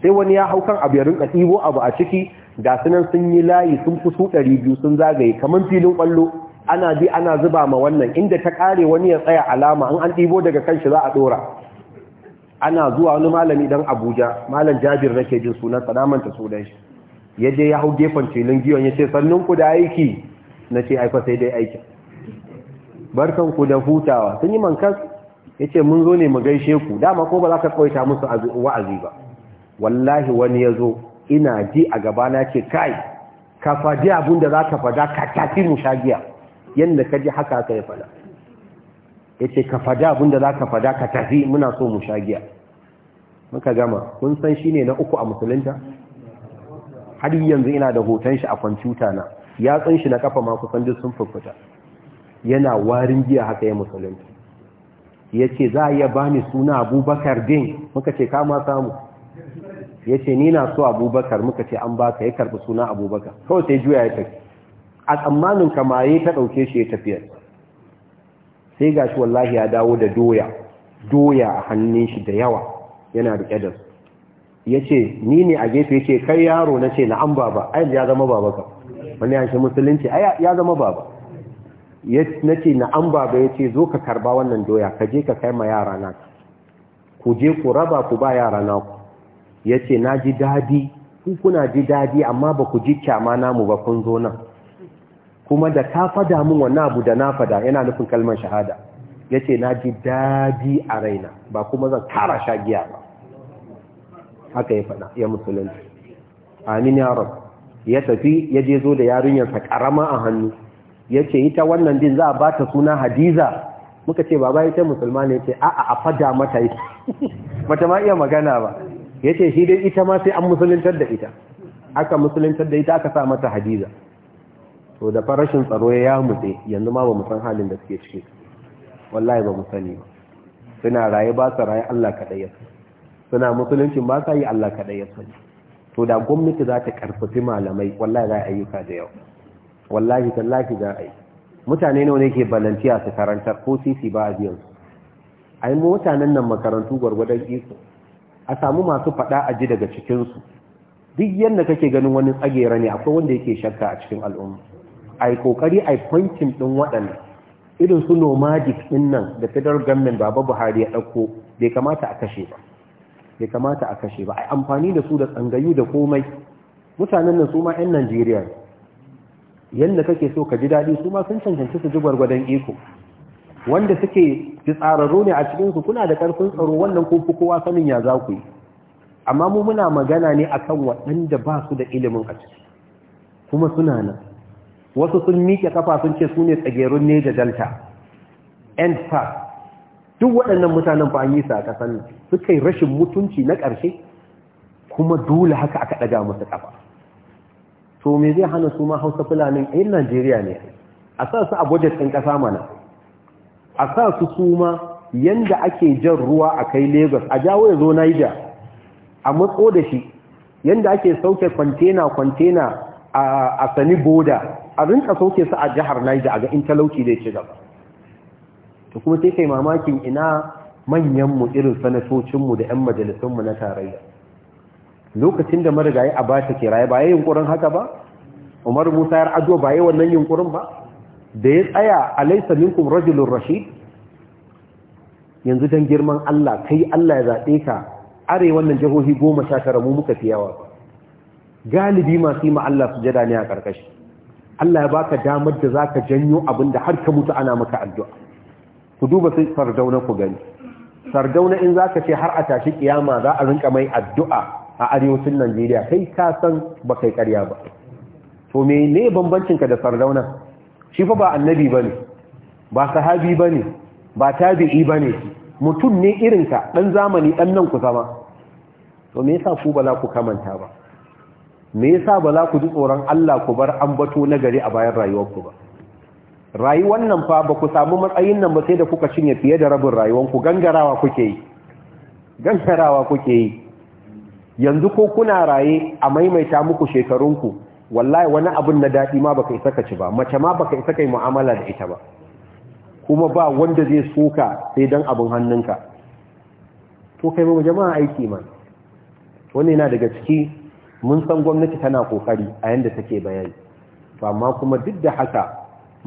sai wani ya hau kan abu ya rinka ɗibo abu a ciki ga sunan sun yi layi sun fi su ɗari biyu sun zagaye kamar filin ƙwallo ana bi ana zuba ma wannan inda ta kare wani ya tsaya alama an an ɗibo daga kan kanshi za a ɗora ana zuwa wani malami dan abuja malam jabir nake jin sunan sanamanta sunan shi ya je ya hau gefen filin giyon ya ce sannun ku da aiki na ce aifa sai dai aiki barkan ku da hutawa sun yi mankas ya ce mun zo ne mu gaishe ku dama ko ba za ka kwaita musu wa'azi ba wallahi wani ya zo ina ji a gabana ce kai ka faɗi abin da za ka fada ka tafi mushagiya yadda ka ji haka ka yi faɗa ya ce ka faɗi abin da za ka fada ka tafi muna so mushagiya muka gama kun san shi ne na uku a musulunta har yanzu ina da hoton shi a kwamfuta na ya tsun shi na kafa masu kusan sun fukuta yana warin giya haka ya musulunta ya ce za a iya ba ni suna abubakar din muka ce kama samu ya ce ni na so abubakar muka ce an baka ya karbi suna abubakar kawai sai juya ya tafi a tsammanin kamaye ta ɗauke shi ya tafiya sai ga shi wallahi ya dawo da doya doya a hannun shi da yawa yana da ƙyadar ya ce ni ne a gefe ce kai yaro na ce na'am baba ai ya zama baba ka wani yanshi musulunci ya zama baba na ce na'am baba ya ce zo ka karba wannan doya ka je ka kai ma yara na ku je ku raba ku ba yara na ku ya ce na ji daɗi kuna ji dadi amma ba ku ji kyama namu ba kun zo nan kuma da ka fada min wani abu da na fada yana nufin kalmar shahada ya ce na ji daɗi a raina ba kuma zan kara sha giya ba haka ya fada ya musulunci amin ya rabu ya tafi ya je zo da yarinyarsa karama a hannu ya ce ita wannan din za a ba ta suna hadiza muka ce baba ita musulma ne ce a a fada mata yi mata ma iya magana ba ya ce shi dai ita ma sai an musuluntar da ita aka musuluntar da ita aka sa mata hadiza to da farashin tsaro ya mutse yanzu ma ba san halin da suke ciki wallahi ba musani sani ba suna raye ba su raye Allah kaɗai ya sani suna musuluncin ba sa yi Allah kaɗai ya sani to da gwamnati za ta karfafi malamai wallahi za a ayyuka da yau wallahi tallafi za a yi mutane nawa ne ke balantiya su karantar ko sisi ba a biyan su ai mutanen nan makarantu gwargwadon iko a samu masu faɗa a ji daga cikinsu duk yadda kake ganin wani tsagera ne akwai wanda yake shakka a cikin al'umma a yi kokari a yi pointin ɗin waɗanda su nomadic ɗin nan da federal government baba buhari ya ɗauko bai kamata a kashe ba bai kamata a kashe ba a amfani da su da tsangayu da komai mutanen nan su ma 'yan najeriya yadda kake so ka ji daɗi su ma sun cancanci su ji iko wanda suke fitsararru ne a cikinsu kuna da ƙarfin tsaro wannan kofi kowa sanin ya za ku yi amma mu muna magana ne a kan waɗanda ba su da ilimin a ciki kuma suna nan wasu sun miƙe kafa sun ce su ne tsagerun ne da delta end pass duk waɗannan mutanen ba an yi su a nan suka yi rashin mutunci na ƙarshe kuma dole haka aka ɗaga musu kafa to me zai hana su ma hausa fulanin yin eh, najeriya ne a sa su a budget ɗin ƙasa mana a sa su suma yadda ake jan ruwa a kai lagos a jawo ya zo niger a matso da shi yadda ake sauke kwantena kwantena a sani boda a rinka sauke su a jihar niger a ga in talauci da ci gaba Ta kuma sai kai mamakin ina manyanmu irin sanatocinmu da 'yan majalisunmu na tarayya lokacin da marigayi a ba ta ya ba ya yunkurin haka ba umar musa ya ajo ba ya wannan yunkurin ba da ya tsaya a laisa minkum rajulun rashid yanzu dan girman Allah kai Allah ya zaɓe ka are wannan jihohi goma sha tara mu muka fi galibi masu yi ma Allah su jada ne a ƙarƙashi Allah ya baka damar da zaka janyo abin da har ka mutu ana maka addu'a ku duba sai sardauna ku gani sardauna in zaka ce har a tashi kiyama za a rinka mai addu'a a arewacin Najeriya kai ka san ba kai ƙarya ba to me ne da sardauna shi fa ba annabi bane ba sahabi bane ba tabi'i bane mutum ne irinka dan zamani dan nan ku sama to me yasa ku ba za ku kamanta ba me yasa ba za ku ji tsoron Allah ku bar ambato na gari a bayan rayuwarku ba rayuwar nan fa ba ku samu matsayin nan ba sai da kuka cinye fiye da rabin rayuwarku gangarawa kuke yi gangarawa kuke yi yanzu ko kuna raye a maimaita muku shekarunku wallahi wani abun na daɗi ma baka isa ka ci ba mace ma baka isa kai mu'amala da ita ba kuma ba wanda zai soka sai dan abin hannunka to kai ma jama'a aiki ma wannan yana daga ciki mun san gwamnati tana kokari a yanda take bayani to amma kuma duk da haka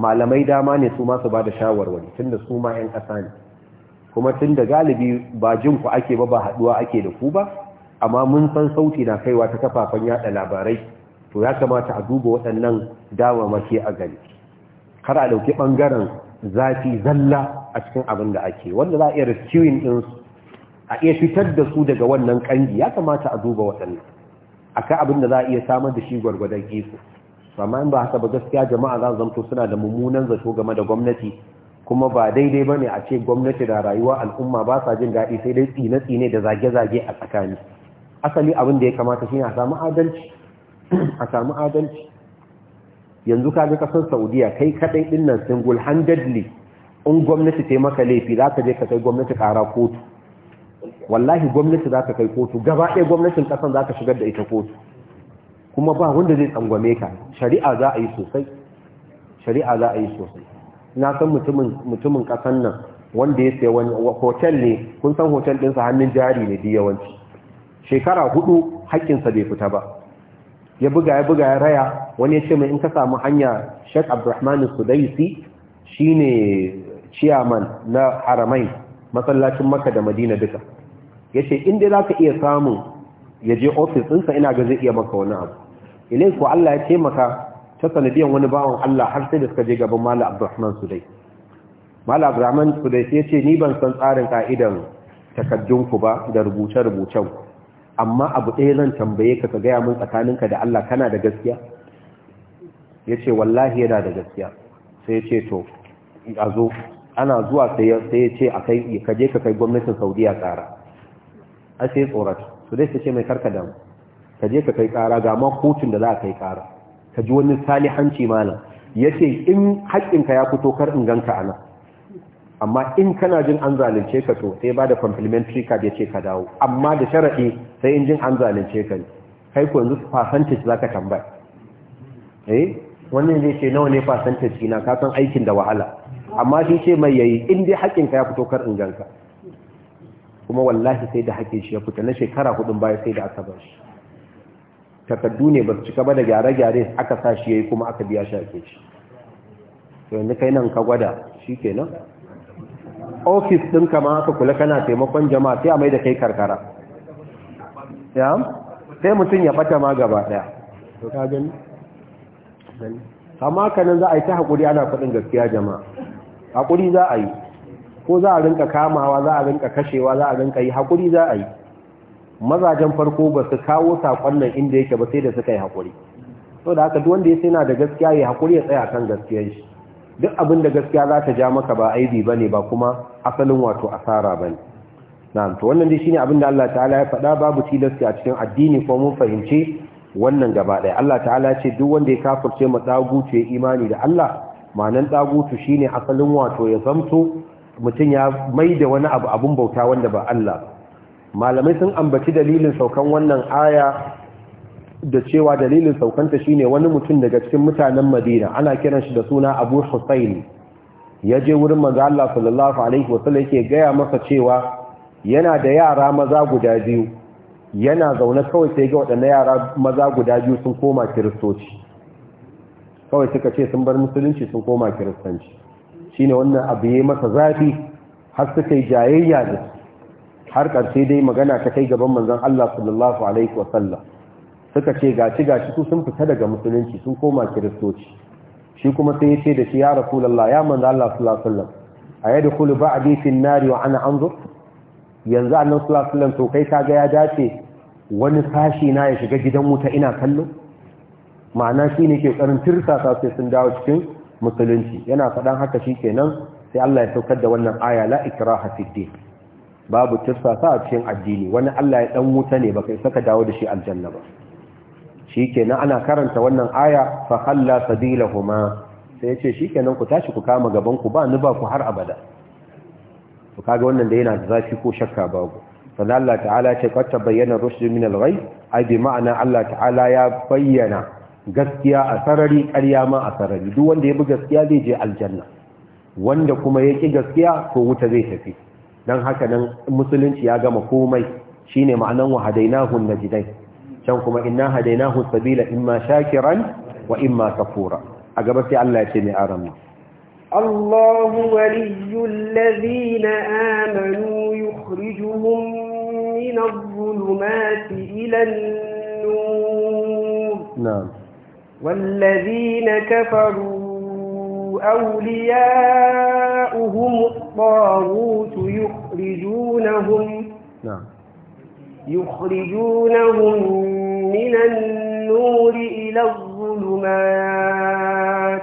malamai dama ne su ma su bada shawarwari tunda su ma ƴan ƙasa ne kuma tunda galibi ba jin ku ake ba ba haduwa ake da ku ba amma mun san sauti na kaiwa ta kafafen yada labarai to ya kamata a duba waɗannan damamaki a gari kar a ɗauki ɓangaren zafi zalla a cikin abin da ake wanda za a iya rescuing ɗin a iya fitar da su daga wannan ƙangi ya kamata a duba waɗannan A akan abin da za a iya samar da shi gwargwadon iko amma in ba haka ba gaskiya jama'a za zamto suna da mummunan zato game da gwamnati kuma ba daidai ba ne a ce gwamnati da rayuwa al'umma ba sa jin daɗi sai dai tsine-tsine da zage-zage a tsakani asali abin da ya kamata shi ne a adalci a samu adalci yanzu ka kasar saudiya kai kadai din nan single handedly in gwamnati ta maka laifi za ka je ka kai gwamnati kara kotu wallahi gwamnati za ka kai kotu gaba ɗaya gwamnatin kasan za ka shigar da ita kotu kuma ba wanda zai tsangwame ka shari'a za a yi sosai shari'a za a yi sosai na san mutumin kasan nan wanda ya sai wani hotel ne kun san hotel ɗinsa hannun jari ne biyawanci. shekara hudu haƙƙinsa bai fita ba ya buga ya buga ya raya wani ya ce mai in ka samu hanya Sheikh Abdulrahman Sudaisi shine ciyaman na Haramai masallacin maka da Madina duka Ya ce in dai ka iya samu ya je ofis ɗinsa ina ga zai iya maka wani abu ilai ku Allah ya taimaka ta sanadiyan wani bawan Allah har sai da suka je gaban Malam Abdulrahman Sudai Malam Abdulrahman Sudai ya ce ni ban san tsarin ka'idan takaddunku ba da rubuce-rubucen amma abu ɗaya zan tambaye ka ka gaya mun tsakaninka da Allah kana da gaskiya ya ce wallahi yana da gaskiya sai ya ce to a zo ana zuwa sai ya ce a kai ka je ka kai gwamnatin saudiya tsara a sai tsorat su dai su ce mai karka damu ka je ka kai kara ga ma kotun da za a kai kara ka ji wani salihanci malam ya ce in haƙƙinka ya fito kar in ganka a nan amma in kana jin an zalunce ka to sai ba da complimentary card ya ce ka dawo amma da sharaɗi sai in jin an zalunce ka ne kai ko yanzu percentage za tambaya eh wannan zai ce nawa ne percentage na ka san aikin da wahala amma shi ce mai yayi in dai haƙƙin ka ya fito kar in ganka kuma wallahi sai da haƙƙin shi ya fita na shekara hudun baya sai da aka bar shi takaddu ne ba su cika ba da gyare-gyare aka sa shi ya yi kuma aka biya shi ake shi to yanzu kai nan ka gwada shi kenan ofis ɗin kama haka kula kana taimakon jama'a sai a mai da kai karkara ya sai mutum ya ɓata ma gaba daya to ka gani amma kanan za a yi ta haƙuri ana faɗin gaskiya jama'a haƙuri za a yi ko za a rinka kamawa za a rinka kashewa za a rinka yi haƙuri za a yi mazajen farko ba su kawo saƙon nan inda yake ba sai da suka yi haƙuri to da haka duk wanda ya sai na da gaskiya ya hakuri ya tsaya kan gaskiyar shi duk abin da gaskiya za ta ja maka ba aibi ba ne ba kuma asalin wato asara ba ne na'am to wannan dai shine abin da Allah ta'ala ya faɗa babu tilasti a cikin addini ko mun fahimci wannan gaba ɗaya Allah ta'ala ce duk wanda ya kafirce ma dagutu ya imani da Allah ma'anan dagutu shine asalin wato ya zamto mutum ya mai da wani abu abin bauta wanda ba Allah malamai sun ambaci dalilin saukan wannan aya da cewa dalilin saukanta shine wani mutum daga cikin mutanen Madina ana kiran shi da suna Abu Husayn ya je wurin manzo Allah sallallahu alaihi wasallam yake gaya masa cewa yana da yara maza guda biyu yana zaune kawai sai ga waɗannan yara maza guda biyu sun koma kiristoci kawai suka ce sun bar musulunci sun koma kiristanci shine wannan abu yayi masa zafi har suka yi jayayya da har ƙarshe dai magana ta kai gaban manzan Allah sallallahu alaihi wasallam suka ce gashi gashi su sun fita daga musulunci sun koma kiristoci shi kuma sai ya ce da shi ya rasulullah ya manzo Allah sallallahu alaihi wasallam ayadkhulu ba'di fi nari wa ana anzur yanzu annabi sallallahu alaihi wasallam to kai kaga ya dace wani sashi na ya shiga gidan wuta ina kallo ma'ana shine ke karin tirsa ta sai sun dawo cikin musulunci yana faɗan haka shi kenan sai Allah ya saukar da wannan aya la ikraha fid din babu tirsa ta a cikin addini wani Allah ya dan wuta ne baka saka dawo da shi aljanna ba shikenan ana karanta wannan aya fa sabila, sabilahuma sai yace shikenan ku tashi ku kama gaban ku ba ni ba ku har abada to kaga wannan da yana da zafi ko shakka babu sannan Allah ta'ala ce kwata bayyana rushdu min al-ghay ai bi ma'ana Allah ta'ala ya bayyana gaskiya a sarari ƙarya ma a sarari duk wanda ya bi gaskiya zai je aljanna wanda kuma ya ki gaskiya ko wuta zai tafi dan haka nan musulunci ya gama komai shine ma'anan wahadainahu najdai can kuma inna hadainahu sabila imma shakiran wa imma kafura a gaba sai Allah ya ce mai aramu الله ولي الذين آمنوا يخرجهم من الظلمات إلى النور نعم والذين كفروا أولياؤهم الطاغوت يخرجونهم نعم يخرجونهم من النور إلى الظلمات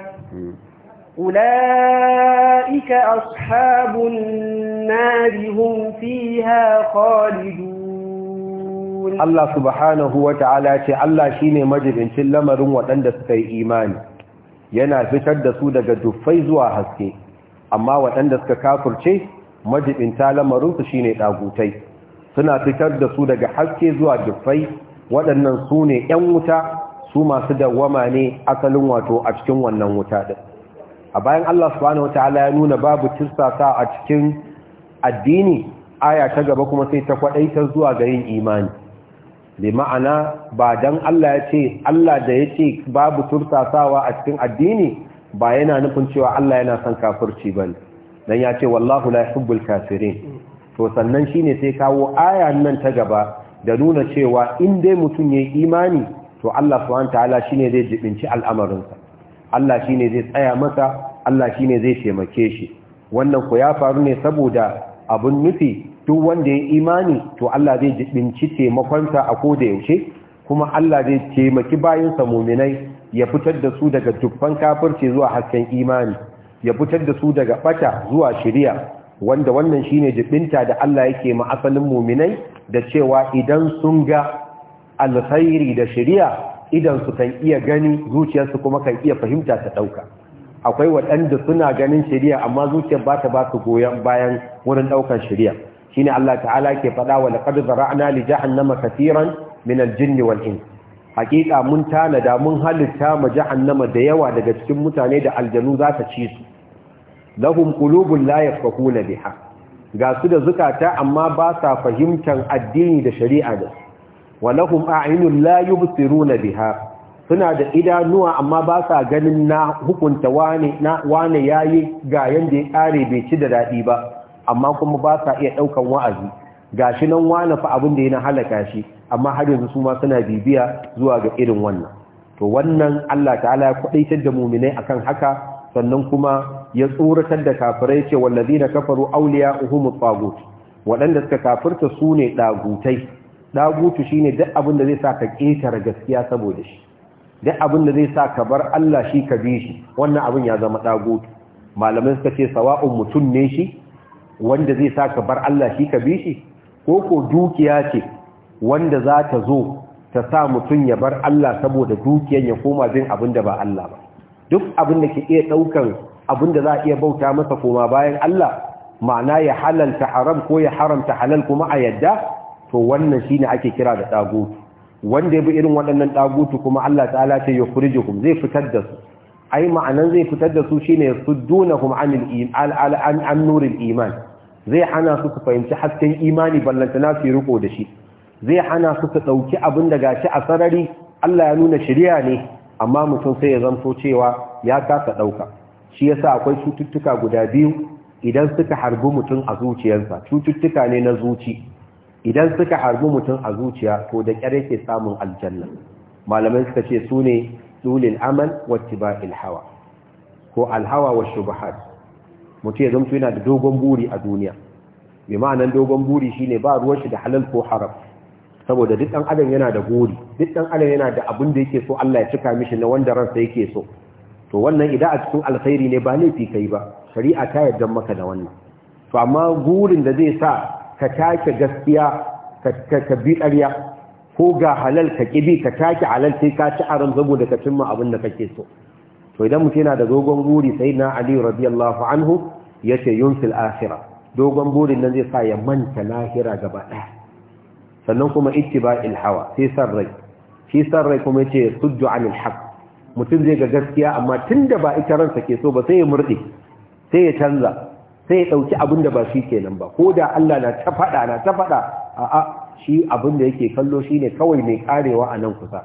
أولئك أصحاب النار هم فيها خالدون الله سبحانه وتعالى الله شيني مجد إن لمر وتندس في إيمان yana fitar da su daga duffai zuwa haske amma waɗanda suka kafurce majibinta lamarinsu shine ɗagutai suna fitar da su daga haske zuwa duffai waɗannan su ne ‘yan wuta su masu dawwama ne asalin wato a cikin wannan wuta ɗin a bayan Allah subhanahu wata'ala ya nuna babu tirsasa a cikin addini aya ta gaba kuma sai ta ta zuwa ga yin imani Mai ma'ana ba don Allah ya ce Allah da ya ce babu tursasawa a cikin addini ba yana nufin cewa Allah yana son kafirci ba ne don ya ce wallahu la yuhibbul kafirin to sannan shine sai kawo aya nan ta gaba da nuna cewa in dai mutum ya imani to Allah subhanahu ta'ala shine zai jibinci al'amarinsa Allah shi ne zai tsaya masa Allah shi ne zai taimake shi wannan ku ya faru ne saboda abun nufi duk wanda ya imani to Allah zai jibinci taimakonsa a koda yaushe kuma Allah zai taimaki bayansa muminai ya fitar da su daga dubban kafirce zuwa hasken imani ya fitar da su daga bata zuwa shiriya wanda wannan shine jibinta da Allah yake ma asalin muminai da cewa idan sun ga alkhairi da shari'a idan su kan iya gani zuciyarsu kuma kan iya fahimta ta dauka akwai waɗanda suna ganin shari'a amma zuciyar ba ta ba su goyon bayan wurin daukar shari'a shine Allah ta'ala ke faɗa wa laqad zara'na li jahannama katiran min al-jinn wal ins haƙiƙa mun tanada mun halitta ma jahannama da yawa daga cikin mutane da aljanu za ta ci su lahum qulubun la yafqahuna biha ga su da zukata amma ba sa fahimtar addini da shari'a da walahum a'yunun la yubsiruna biha suna da idanuwa amma ba sa ganin na hukunta wane na wane yayi ga yanda ya kare bai ci da dadi ba amma kuma ba sa iya daukan wa'azi gashi nan wane fa abin da yana halaka shi amma har yanzu su ma suna bibiya zuwa ga irin wannan to wannan Allah ta'ala ya kudaitar da mu'minai akan haka sannan kuma ya tsoratar da kafirai ce wallazina kafaru auliya at tsagut waɗanda suka kafirta su ne ɗagutai ɗagutu shi ne duk abin zai sa ka ƙetare gaskiya saboda shi duk abin zai sa ka bar Allah shi ka bi shi wannan abin ya zama ɗagutu malamai suka ce sawa'un mutum ne shi wanda zai sa ka bar Allah shi ka bi shi ko ko dukiya ce wanda za ta zo ta sa mutum ya bar Allah saboda dukiyan ya koma bin abin da ba Allah ba duk abin da ke iya ɗaukan abin da za a iya bauta masa koma bayan Allah ma'ana ya halalta haram ko ya haramta halal kuma a yadda to wannan shine ake kira da dagutu wanda ya bi irin waɗannan dagutu kuma Allah ta'ala ce yukhrijukum zai fitar da su ai ma'anan zai fitar da su shine ne su iman an an nurin iman zai hana su su fahimci hasken imani ballantana su riko da shi zai hana su su ɗauki abin da gashi a sarari Allah ya nuna shirya ne amma mutum sai ya zanto cewa ya kasa ɗauka. shi yasa akwai cututtuka guda biyu idan suka harbi mutum a zuciyarsa cututtuka ne na zuci idan suka harbi mutum a zuciya to da kyar yake samun aljanna malamai suka ce su ne tsulil amal wattiba ilhawa ko alhawa wa shubahat mutum ya zamto yana da dogon buri a duniya mai ma'anan dogon buri shine ba ruwan shi da halal ko haram saboda duk dan adam yana da buri duk dan adam yana da abin da yake so Allah ya cika mishi na wanda ransa yake so to wannan idan a cikin alkhairi ne ba laifi kai ba shari'a ta yarda maka da wannan to amma gurin da zai sa ka take gaskiya ka bi ƙarya ko ga halal ka kibi ka take halal sai ka ci aran saboda ka cimma abin da kake so to idan mutum yana da dogon guri sai na ali radiyallahu anhu yace yunsil akhirah dogon burin nan zai sa ya manta lahira gaba ɗaya sannan kuma ittiba'il hawa sai san rai shi san rai kuma yace suddu anil haqq mutum zai ga gaskiya amma tun da ba ita ransa ke so ba sai ya murɗe sai ya canza sai ya ɗauki abin da ba shi nan ba ko da Allah na ta faɗa na ta faɗa a'a shi abin da yake kallo shi ne kawai mai karewa a nan kusa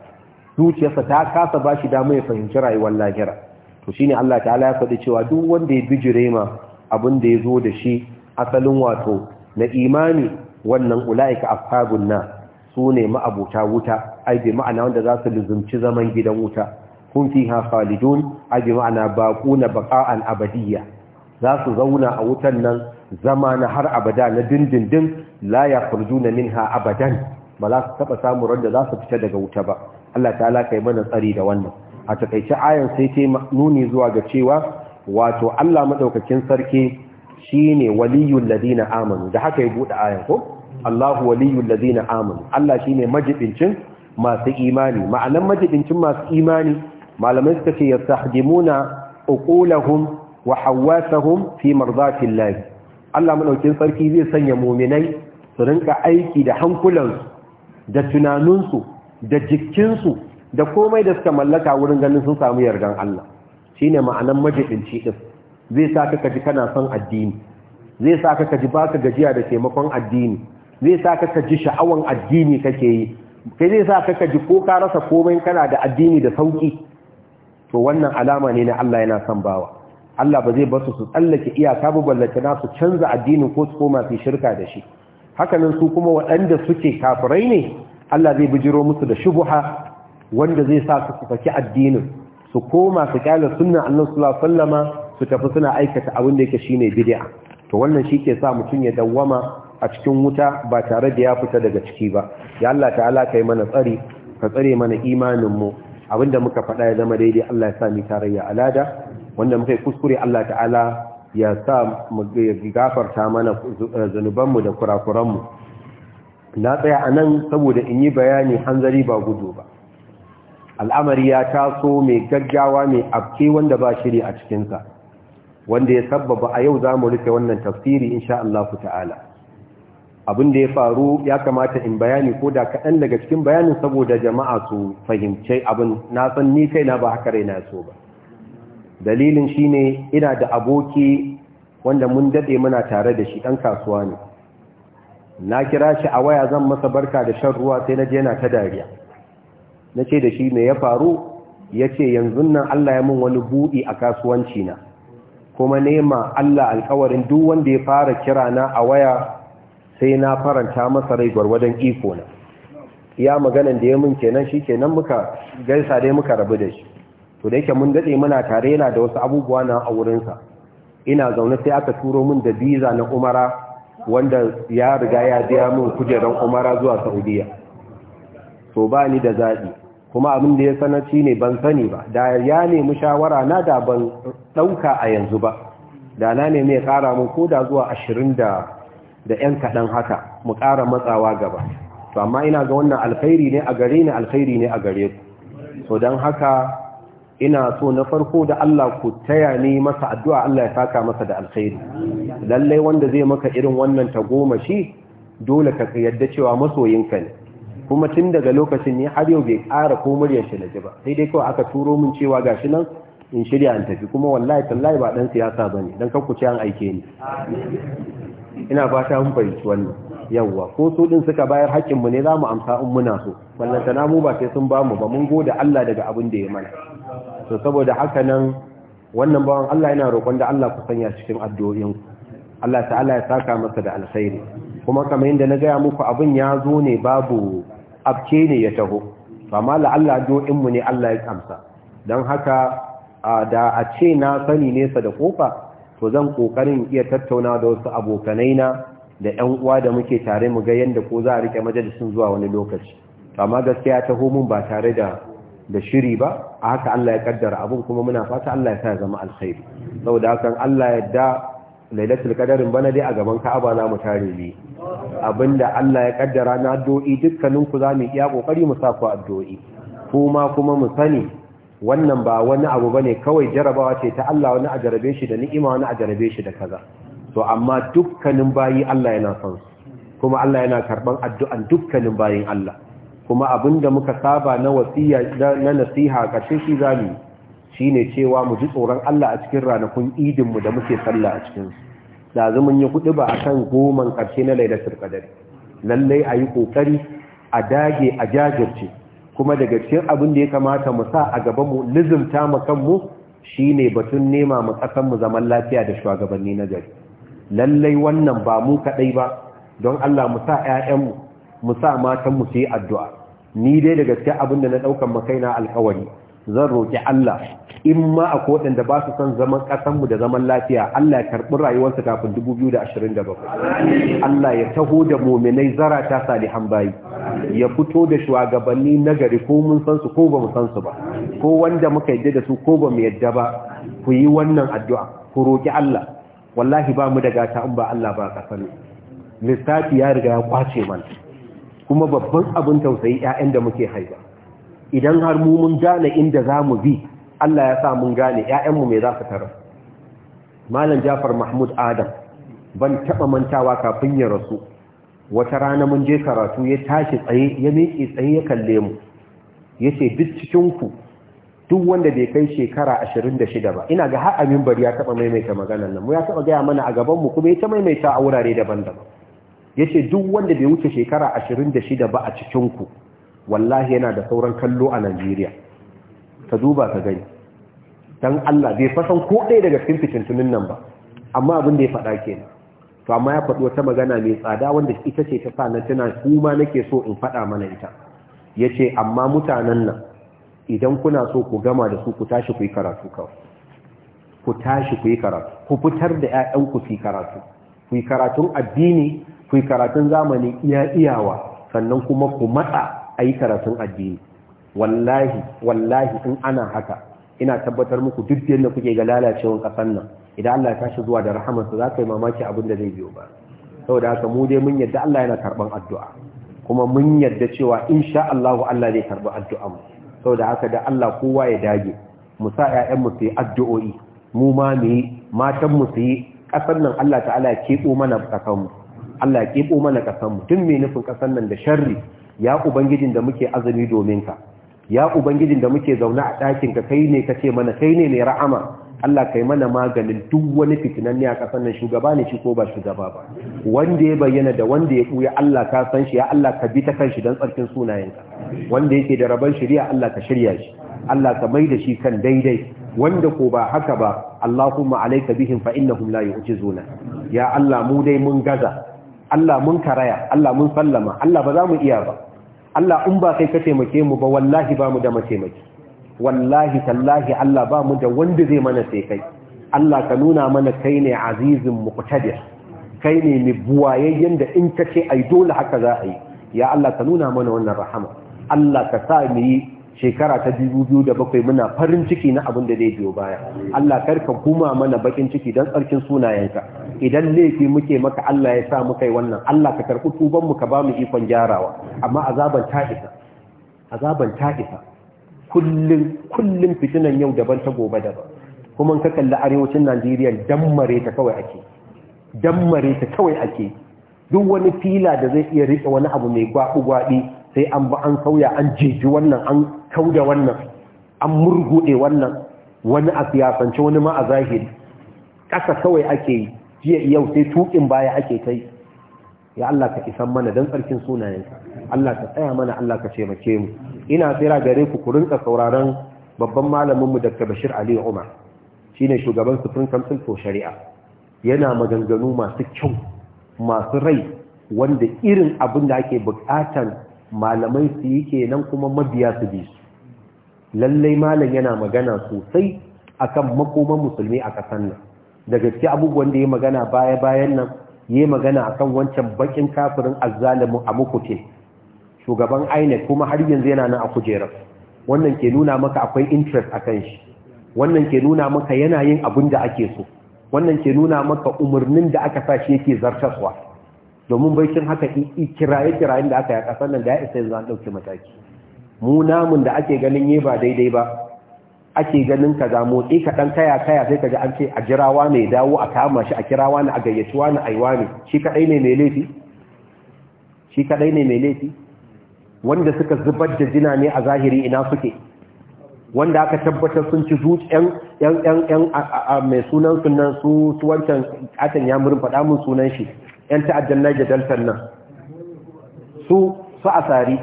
zuciyarsa ta kasa ba shi damar ya fahimci rayuwar lahira to shi ne Allah ta'ala ya faɗi cewa duk wanda ya bijire ma abin da ya zo da shi asalin wato na imani wannan ula'ika ashabun na su ne ma'abuta wuta ai bi ma'ana wanda za su luzumci zaman gidan wuta hum fiha khalidun aji ma'ana baquna baqa'an abadiyya za su zauna a wutan nan zama na har abada na dindindin la yakhrujuna minha abadan ba za su taba samu randa za su fita daga wuta ba Allah ta'ala kai mana tsari da wannan a takaice ayan sai ta nuni zuwa ga cewa wato Allah madaukakin sarki shine waliyul ladina amanu da haka ya bude ayan ko Allahu waliyul ladina amanu Allah shine majibincin masu imani ma'anan majibincin masu imani malamai suka ce yastahjimuna uqulahum wa hawasahum fi mardatillahi Allah madaukin sarki zai sanya mu'minai su rinka aiki da hankulansu da tunaninsu da jikinsu da komai da suka mallaka wurin ganin sun samu yardan Allah shine ma'anan majibinci din zai sa ka ji kana son addini zai sa ka ji baka gajiya da taimakon addini zai sa ka kaji sha'awan addini kake yi kai zai sa ka ji ko ka rasa komai kana da addini da sauki to wannan alama ne na Allah yana son bawa Allah ba zai bar su tsallake iyaka ba ballata na su canza addinin ko su koma su shirka da shi hakanan su kuma waɗanda suke kafirai ne Allah zai bijiro musu da shubuha wanda zai sa su saki addinin su koma su kyale sunna Allah sallallahu alaihi su tafi suna aikata abin da yake shine bid'a to wannan shi ke sa mutum ya dawwama a cikin wuta ba tare da ya fita daga ciki ba ya Allah ta'ala kai mana tsari ka tsare mana imanin mu abinda muka faɗa ya zama daidai Allah ya sa mu tarayya alada wanda muka yi kuskure Allah ta'ala ya sa mu gafarta mana mu da kurakuran mu na tsaya a nan saboda in yi bayani hanzari ba gudu ba al'amari ya taso mai gaggawa mai abke wanda ba shiri a cikinsa wanda ya sabbaba a yau za mu rufe wannan tafsiri insha Allah ta'ala abin da ya faru ya kamata in bayani ko da kaɗan daga cikin bayanin saboda jama'a su fahimce abin na san ni na ba haka na so ba dalilin shi ne ina da aboki wanda mun daɗe muna tare da shi ɗan kasuwa ne na kira shi a waya zan masa barka da shan ruwa sai na je na ta dariya na ce da shi me ya faru ya ce yanzu nan Allah ya mun wani buɗi a kasuwanci na kuma nema Allah alkawarin duk wanda ya fara kira na a waya sai na faranta masa rai gwargwadon iko na Ya magana da ya mun kenan shi kenan muka gaisa dai muka rabu da shi to da yake mun dade muna tare yana da wasu abubuwa na a wurin sa ina zaune sai aka turo mun da visa na umara wanda ya riga ya biya mun kujerar umara zuwa saudiya to ba ni da zaɓi kuma abin da ya shi ne ban sani ba da ya nemi shawara na da ban ɗauka a yanzu ba da na nemi ya kara min ko da zuwa ashirin da da ‘yan kaɗan haka mu ƙara matsawa gaba to amma ina ga wannan alkhairi ne a gare ni alkhairi ne a gare ku so don haka ina so na farko da Allah ku taya ni masa addu'a Allah ya saka masa da alkhairi lallai wanda zai maka irin wannan tagomashi dole ka yadda cewa masoyinka ne kuma tun daga lokacin ne har yau bai ƙara ko muryar shi na ji ba sai dai kawai aka turo min cewa shi nan in shirya an tafi kuma wallahi tallahi ba ɗan siyasa ba ne, dan kanku ce an aike ni ina fata mun fahimci wannan yawwa ko su din suka bayar hakkin mu ne zamu amsa in muna so ballanta na mu ba sai sun bamu ba mun gode Allah daga abin da ya mana to saboda haka nan wannan bawan Allah yana roƙon da Allah ku sanya cikin addu'o'in Allah ta'ala ya saka masa da alkhairi kuma kamar yanda na gaya muku abin ya zo ne babu abke ne ya taho amma la'alla addu'o'in mu ne Allah ya amsa. dan haka da a ce na sani nesa da kofa to zan kokarin iya tattauna da wasu abokanai na da ƴan uwa da muke tare mu ga yanda ko za a rike majalisin zuwa wani lokaci to amma gaskiya ta homun ba tare da da shiri ba a haka Allah ya kaddara abun kuma muna fata Allah ya sa zama alkhairi saboda hakan Allah ya da lailatul qadarin bana dai a gaban Ka'aba na mu tare ne abinda Allah ya kaddara na addu'o'i dukkanin ku mu iya kokari mu sa ku addu'o'i kuma kuma mu sani wannan ba wani abu bane kawai jarabawa ce ta Allah wani a jarabe shi da ni'ima wani a jarabe shi da kaza to amma dukkanin bayi Allah yana son su kuma Allah yana karban addu'an dukkanin bayin Allah kuma abinda muka saba na wasiya na nasiha karshe shi zamu shine cewa mu ji tsoron Allah a cikin ranakun idin mu da muke sallah a cikin su da mun yi kuɗi ba akan goman karshe na lailatul qadar lalle ayi kokari a dage a jajirce kuma daga cikin abin da ya kamata mu sa a gaban mu lizumta mu kanmu shine batun nema mu kasan mu zaman lafiya da shugabanni na gari lallai wannan ba mu kaɗai ba don Allah mu sa ƴaƴan mu sa matanmu mu su yi addu'a ni dai daga cikin abin da na ma kaina alƙawari zan roki Allah in ma a koɗin da ba su son zaman ƙasanmu da zaman lafiya Allah ya karɓi rayuwarsa kafin 2027 Allah ya taho da muminai zarata salihan bayi ya fito da shugabanni nagari ko mun san su ko ba mu san su ba ko wanda muka yadda da su ko ba mu yadda ba ku yi wannan addu'a ku roki Allah wallahi ba mu da gata in ba Allah ba sani lissafi ya riga ya kwace mana kuma babban abin tausayi ƴaƴan da muke haifa idan har mu mun gane inda za mu bi Allah ya sa mun gane mu me za su tarar malam Jafar Mahmud Adam ban taba mantawa kafin ya rasu wata rana mun je karatu ya tashi tsaye ya miƙe tsaye ya kalle mu ya ce duk cikinku duk wanda bai kai shekara ashirin da shida ba ina ga har bari ya taɓa maimaita maganar nan mu ya taɓa gaya mana a gabanmu kuma ya ta maimaita a wurare daban-daban ya ce duk wanda bai wuce shekara ashirin da shida ba a cikinku wallahi yana da sauran kallo a najeriya ka duba ka gani don allah bai fasan ko ɗaya daga cikin fitintunin nan ba amma abin da ya faɗa kenan to amma ya faɗi wata magana mai tsada wanda ita ce ta sa na tana kuma nake so in faɗa mana ita ya ce amma mutanen nan idan kuna so ku gama da su ku tashi ku yi karatu kawai ku tashi ku yi karatu ku fitar da 'ya'yanku su yi karatu ku yi karatun addini ku yi karatun zamani iya iyawa sannan kuma ku matsa a yi karatun addini wallahi wallahi in ana haka ina tabbatar muku duk yadda kuke ga lalacewar ƙasar nan idan Allah ya tashi zuwa da rahamarsa za ka yi mamaki abin da zai biyo ba saboda haka mu dai mun yadda Allah yana karɓar addu'a kuma mun yadda cewa insha Allah Allah zai karɓi addu'a mu saboda haka da Allah kowa ya dage mu sa 'ya'yanmu mu su yi addu'o'i mu ma mu yi matan mu su yi kasar nan Allah ta'ala ya keɓo mana ƙasanmu. Allah ya kebo mana kasan mu tun me nufin kasan nan da sharri ya ubangijin da muke azumi domin ka ya ubangijin da muke zaune a ɗakin ka kai ne ka ce mana kai ne mai rahama Allah ka yi mana maganin duk wani fitinan a ƙasar nan shugaba ne shi ko ba shugaba ba wanda ya bayyana da wanda ya ɓuya Allah ka san shi ya Allah ka bi ta kan shi don tsarkin sunayenka wanda yake da rabon shirya Allah ka shirya shi Allah ka mai da shi kan daidai wanda ko ba haka ba Allahumma alayka bihim fa innahum la yu'jizuna ya Allah mu dai mun gaza Allah mun karaya Allah mun sallama Allah ba za mu iya ba Allah in ba kai ka taimake mu ba wallahi ba mu da mataimaki wallahi tallahi Allah ba mu da wanda zai mana sai kai Allah ka nuna mana kai ne azizin muqtadir kai ne mai da in ka ce ai dole haka za a yi ya Allah ka nuna mana wannan rahama Allah ka sa mu yi shekara ta bakwai muna farin ciki na abin da zai biyo baya Allah karka kuma mana bakin ciki don tsarkin sunayenka idan laifi muke maka Allah ya sa muka kai wannan Allah ka karɓi tuban mu ka ba mu ikon gyarawa amma azaban ta isa azaban ta isa kullum kullum fitinan yau daban ta gobe daban kuma ka kalli arewacin Najeriya dammare ta kawai ake dammare ta kawai ake duk wani fila da zai iya rike wani abu mai gwabu sai an ba an sauya an jeji wannan an kauda wannan an murgude wannan wani a siyasance wani ma a zahiri ƙasa kawai ake yi jiya yau sai tuƙin baya ake ta yi ya Allah ka isan mana don tsarkin sunayensa Allah ka tsaya mana Allah ka ce mu ina tsira gare ku ku rinka sauraron babban malaminmu Dr. Bashir Ali Umar shine shugaban Supreme Council for Sharia yana maganganu masu kyau masu rai wanda irin abin da ake bukatan malamai su yi kenan kuma mabiya su bi su lallai malam yana magana sosai akan makoman musulmi a ƙasar nan daga gaske abubuwan da ya magana baya bayan nan ya magana akan wancan bakin kafirin azzalimu a mukutin shugaban INEC kuma har yanzu yana nan a kujerar wannan ke nuna maka akwai interest a kan shi wannan ke nuna maka yana yin abin da ake so wannan ke nuna maka umarnin da aka sa shi yake zartaswa domin baikin haka kiraye kirayen da aka yi a ƙasar nan da ya isa yanzu an ɗauki mataki mu namun da ake ganin yi ba daidai ba ake ganin ka za motsi ka ɗan kaya kaya sai ka ga an ce a jirawa ne dawo a kama shi a kirawa ne a gayyaci ne shi kaɗai ne shi kaɗai ne mai laifi wanda suka zubar da jina ne a zahiri ina suke wanda aka tabbatar sun ci zuciyan yan yan yan mai sunan sunan su wancan atan ya murin faɗa mun sunan shi yan ta'addan na jadaltar nan su su asari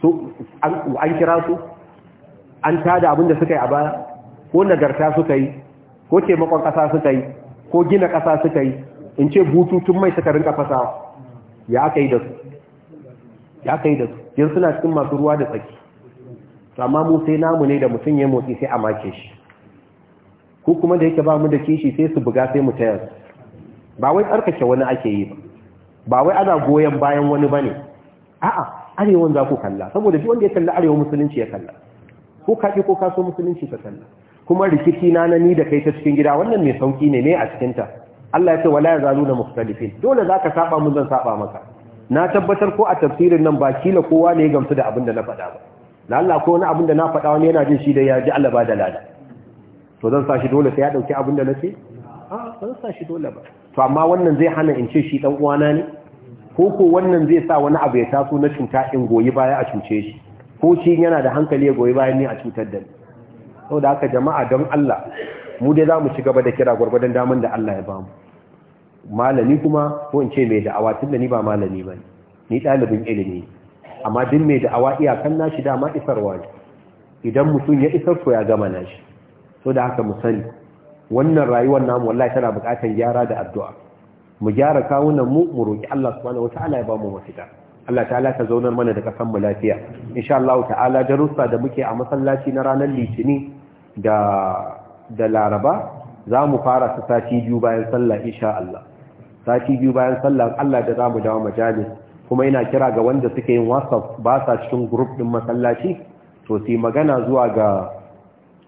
su an kira su an tada abinda suka yi a baya ko nagarta suka yi ko taimakon ƙasa suka yi ko gina ƙasa suka yi in ce bututun mai suka rinka fasawa ya aka yi da su ya kai da su yin suna cikin masu ruwa da tsaki amma mu sai namu ne da mutum ya motsi sai a make shi ko kuma da yake ba mu da kishi sai su buga sai mu taya su ba wai tsarkake wani ake yi ba ba wai ana goyon bayan wani bane a'a arewan za ku kalla saboda duk wanda ya kalla arewa musulunci ya kalla ko kaɗi ko kaso musulunci ka kalla kuma rikici na na ni da kai ta cikin gida wannan mai sauki ne ne a cikinta Allah ya ce wala ya na mukhtalifin dole za ka saba mu zan saba maka na tabbatar ko a tafsirin nan ba kila kowa ne ya gamsu da abin da na faɗa ba lalla ko wani abin da na faɗa wani yana jin shi da ya ji Allah ba da lada to zan sa shi dole sai ya dauki abin da na ce a zan sa shi dole ba to amma wannan zai hana in ce shi dan uwana ne ko ko wannan zai sa wani abu ya taso na cinta in goyi baya a cuce shi ko shi yana da hankali ya goyi bayan ne a cutar da ni saboda haka jama'a don Allah mu dai za mu ci gaba da kira gwargwadon daman da Allah ya bamu malami kuma ko in ce mai da'awa tun da ni ba malami ba ni ɗalibin ilimi amma duk mai da'awa iyakan nashi dama isarwa ne idan mutum ya isar ko ya gama nashi so da haka mu sani wannan rayuwar namu wallahi tana buƙatar gyara da addu'a mu gyara kawunan mu mu roki Allah subhanahu wataala ya bamu mafita Allah ta'ala ka zaunar mana da kasan mu lafiya insha Allah ta'ala darussa da muke a masallaci na ranar litini da da laraba za mu fara su sati biyu bayan sallah insha Allah sati biyu bayan sallah Allah da za mu dawo majalis kuma ina kira ga wanda suke yin WhatsApp ba sa cikin group din masallaci to sai magana zuwa ga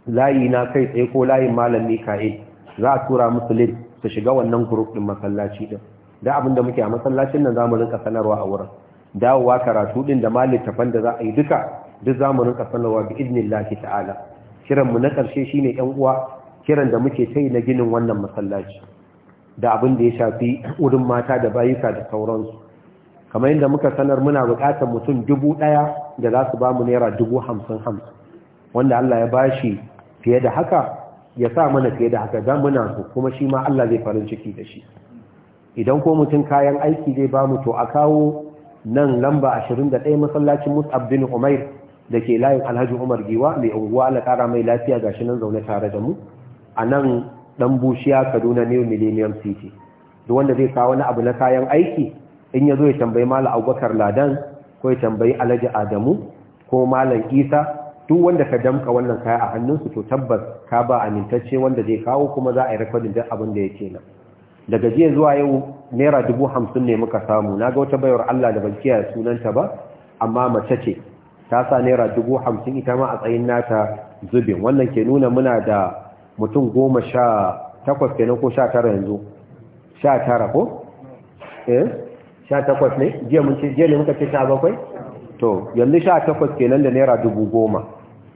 layi na kai tsaye ko layin malam Mika'il za a tura musu link su shiga wannan group din masallaci din da abin da muke a masallacin nan zamu rinka sanarwa a wurin dawowa karatu din da ta da za a yi duka duk zamu rinka sanarwa bi idnillahi ta'ala kiran mu na karshe shine yan uwa kiran da muke kai na ginin wannan masallaci da abin da ya shafi wurin mata da bayuka da sauransu kamar yadda muka sanar muna bukatar mutum dubu ɗaya da za su ba mu naira dubu hamsin hamsin wanda Allah ya ba shi fiye da haka ya sa mana fiye da haka za muna so kuma shi ma Allah zai farin ciki da shi idan ko mutum kayan aiki zai ba mu to a kawo nan lamba ashirin da 21 masallacin mus'ab bin umair da ke layin alhaji umar giwa mai unguwa ala kara mai lafiya gashi nan zaune tare da mu a nan dan bushiya kaduna new millennium city duk wanda zai kawo wani abu na kayan aiki in ya zo ya tambayi malam abubakar ladan ko ya tambayi alhaji adamu ko malam isa duk wanda ka damka wannan kaya a hannun su to tabbas ka ba amintacce wanda zai kawo kuma za a yi rikodin duk abin da yake nan daga jiya zuwa yau naira dubu hamsin ne muka samu na ga wata bayar allah da ban kiyaye sunanta ba amma mace ce ta sa naira dubu hamsin ita ma a tsayin nata zubin wannan ke nuna muna da mutum goma sha takwas kenan ko sha tara yanzu sha tara ko? Eh? sha takwas ne jiya mun ce jiya ne muka ce sha bakwai? to yanzu sha takwas kenan da naira dubu goma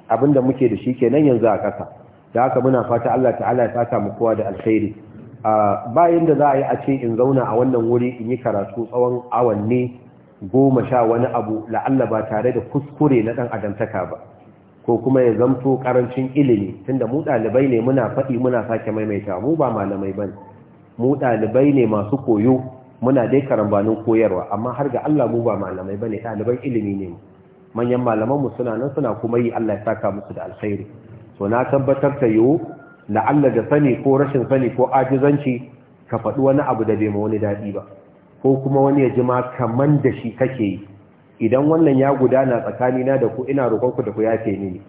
abinda muke da shi kenan yanzu a ƙasa da haka muna fata Allah ta'ala ya saka mu kowa da alkhairi bayan da za a yi a ce in zauna a wannan wuri in yi karatu tsawon awanni goma sha wani abu la'alla ba tare da kuskure na ɗan adamtaka ba ko kuma ya zamto karancin ilimi tunda mu dalibai ne muna faɗi muna sake maimaita mu ba malamai ba mu dalibai ne masu koyo muna dai karambanin koyarwa amma har ga Allah mu ba malamai bane ɗaliban ilimi ne manyan malaman mu suna nan suna kuma yi Allah ya saka musu da alkhairi so na tabbatar ta yiwu la'alla da sani ko rashin sani ko ajizanci ka faɗi wani abu da bai ma wani daɗi ba ko kuma wani ya ji ma kaman da shi kake yi idan wannan ya gudana tsakanina da ku ina roƙon ku da ku yafe ni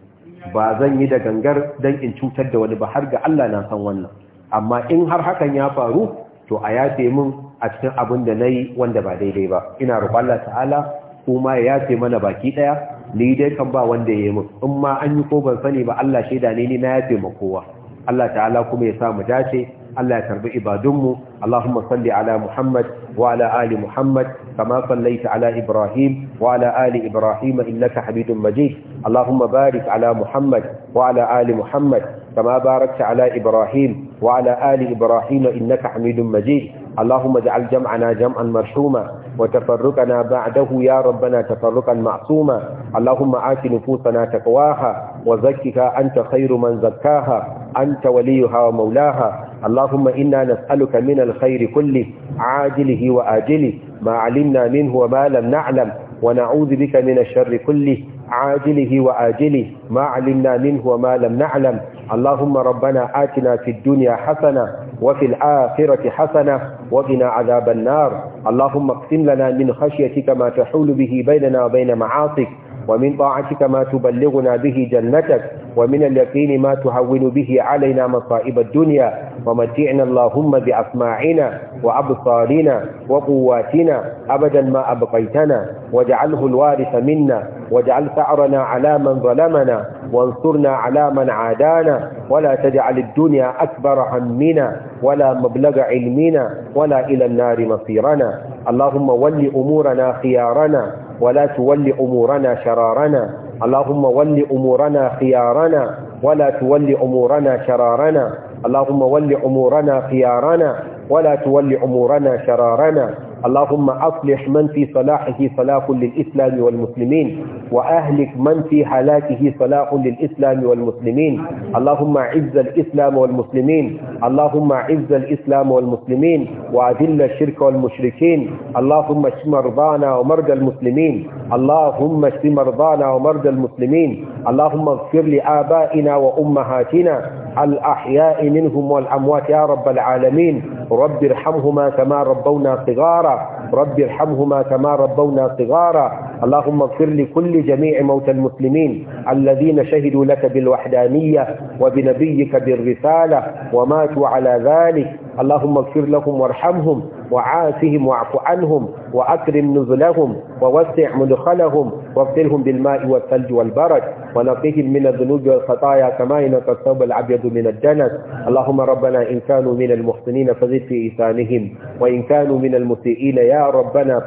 ba zan yi da gangar dan in cutar da wani ba har ga Allah na san wannan amma in har hakan ya faru to a yafe min a cikin abin da nayi wanda ba daidai ba ina roƙon Allah ta'ala kuma ya yafe mana baki daya ni dai kan ba wanda yayi min in ma an yi ko ban sani ba Allah shaida ne ni na yafe ma kowa Allah ta'ala kuma ya sa mu dace Allah ya karbi ibadunmu Allahumma salli ala Muhammad wa ala ali Muhammad kama sallaita ala Ibrahim wa ala ali Ibrahim innaka Hamidum Majid Allahumma barik ala Muhammad wa ala ali Muhammad kama barakta ala Ibrahim wa ala ali Ibrahim innaka Hamidum Majid Allahumma ij'al jam'ana jam'an marhuma وتفرقنا بعده يا ربنا تفرقا معصوما اللهم آت نفوسنا تقواها وزكها أنت خير من زكاها أنت وليها ومولاها اللهم إنا نسألك من الخير كله عاجله وآجله ما علمنا منه وما لم نعلم ونعوذ بك من الشر كله عاجله وآجله ما علمنا منه وما لم نعلم اللهم ربنا آتنا في الدنيا حسنة وفي الآخرة حسنة وقنا عذاب النار اللهم اقسم لنا من خشيتك ما تحول به بيننا وبين معاصيك ومن طاعتك ما تبلغنا به جنتك ومن اليقين ما تهون به علينا مصائب الدنيا ومتعنا اللهم بأسماعنا وأبصارنا وقواتنا أبدا ما أبقيتنا واجعله الوارث منا واجعل ثأرنا على من ظلمنا وانصرنا على من عادانا ولا تجعل الدنيا أكبر همنا ولا مبلغ علمنا ولا إلى النار مصيرنا اللهم ول أمورنا خيارنا ولا تول أمورنا شرارنا اللهم ول أمورنا خيارنا ولا تول أمورنا شرارنا اللهم ول أمورنا خيارنا ولا تول أمورنا شرارنا اللهم أصلح من في صلاحه صلاح للإسلام والمسلمين وأهلك من في هلاكه صلاح للإسلام والمسلمين اللهم عز الإسلام والمسلمين اللهم عز الإسلام والمسلمين وأذل الشرك والمشركين اللهم اشف مرضانا ومرضى المسلمين اللهم اشف مرضانا ومرضى المسلمين اللهم اغفر لآبائنا وأمهاتنا الأحياء منهم والأموات يا رب العالمين رب ارحمهما كما ربونا صغارا رب ارحمهما كما ربونا صغارا اللهم اغفر لكل جميع موتى المسلمين الذين شهدوا لك بالوحدانية وبنبيك بالرسالة وماتوا على ذلك اللهم اغفر لهم وارحمهم وعافهم واعف عنهم وأكرم نزلهم ووسع مدخلهم واغسلهم بالماء والثلج والبرد ونقهم من الذنوب والخطايا كما ينقى الثوب الأبيض من الدنس اللهم ربنا إن كانوا من المحسنين فزد في ايثانهم وإن كانوا من المسيئين يا ربنا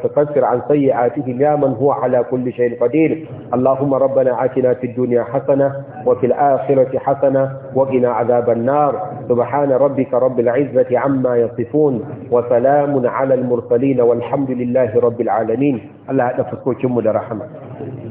فتكفر عن سيئاتهم يا من هو على كل شيء قدير اللهم ربنا آتنا في الدنيا حسنة وفي الآخرة حسنة وقنا عذاب النار سبحان ربك رب العزة عما يصفون وسلام على المرسلين والحمد لله رب العالمين الله هذا فسكوكم ورحمة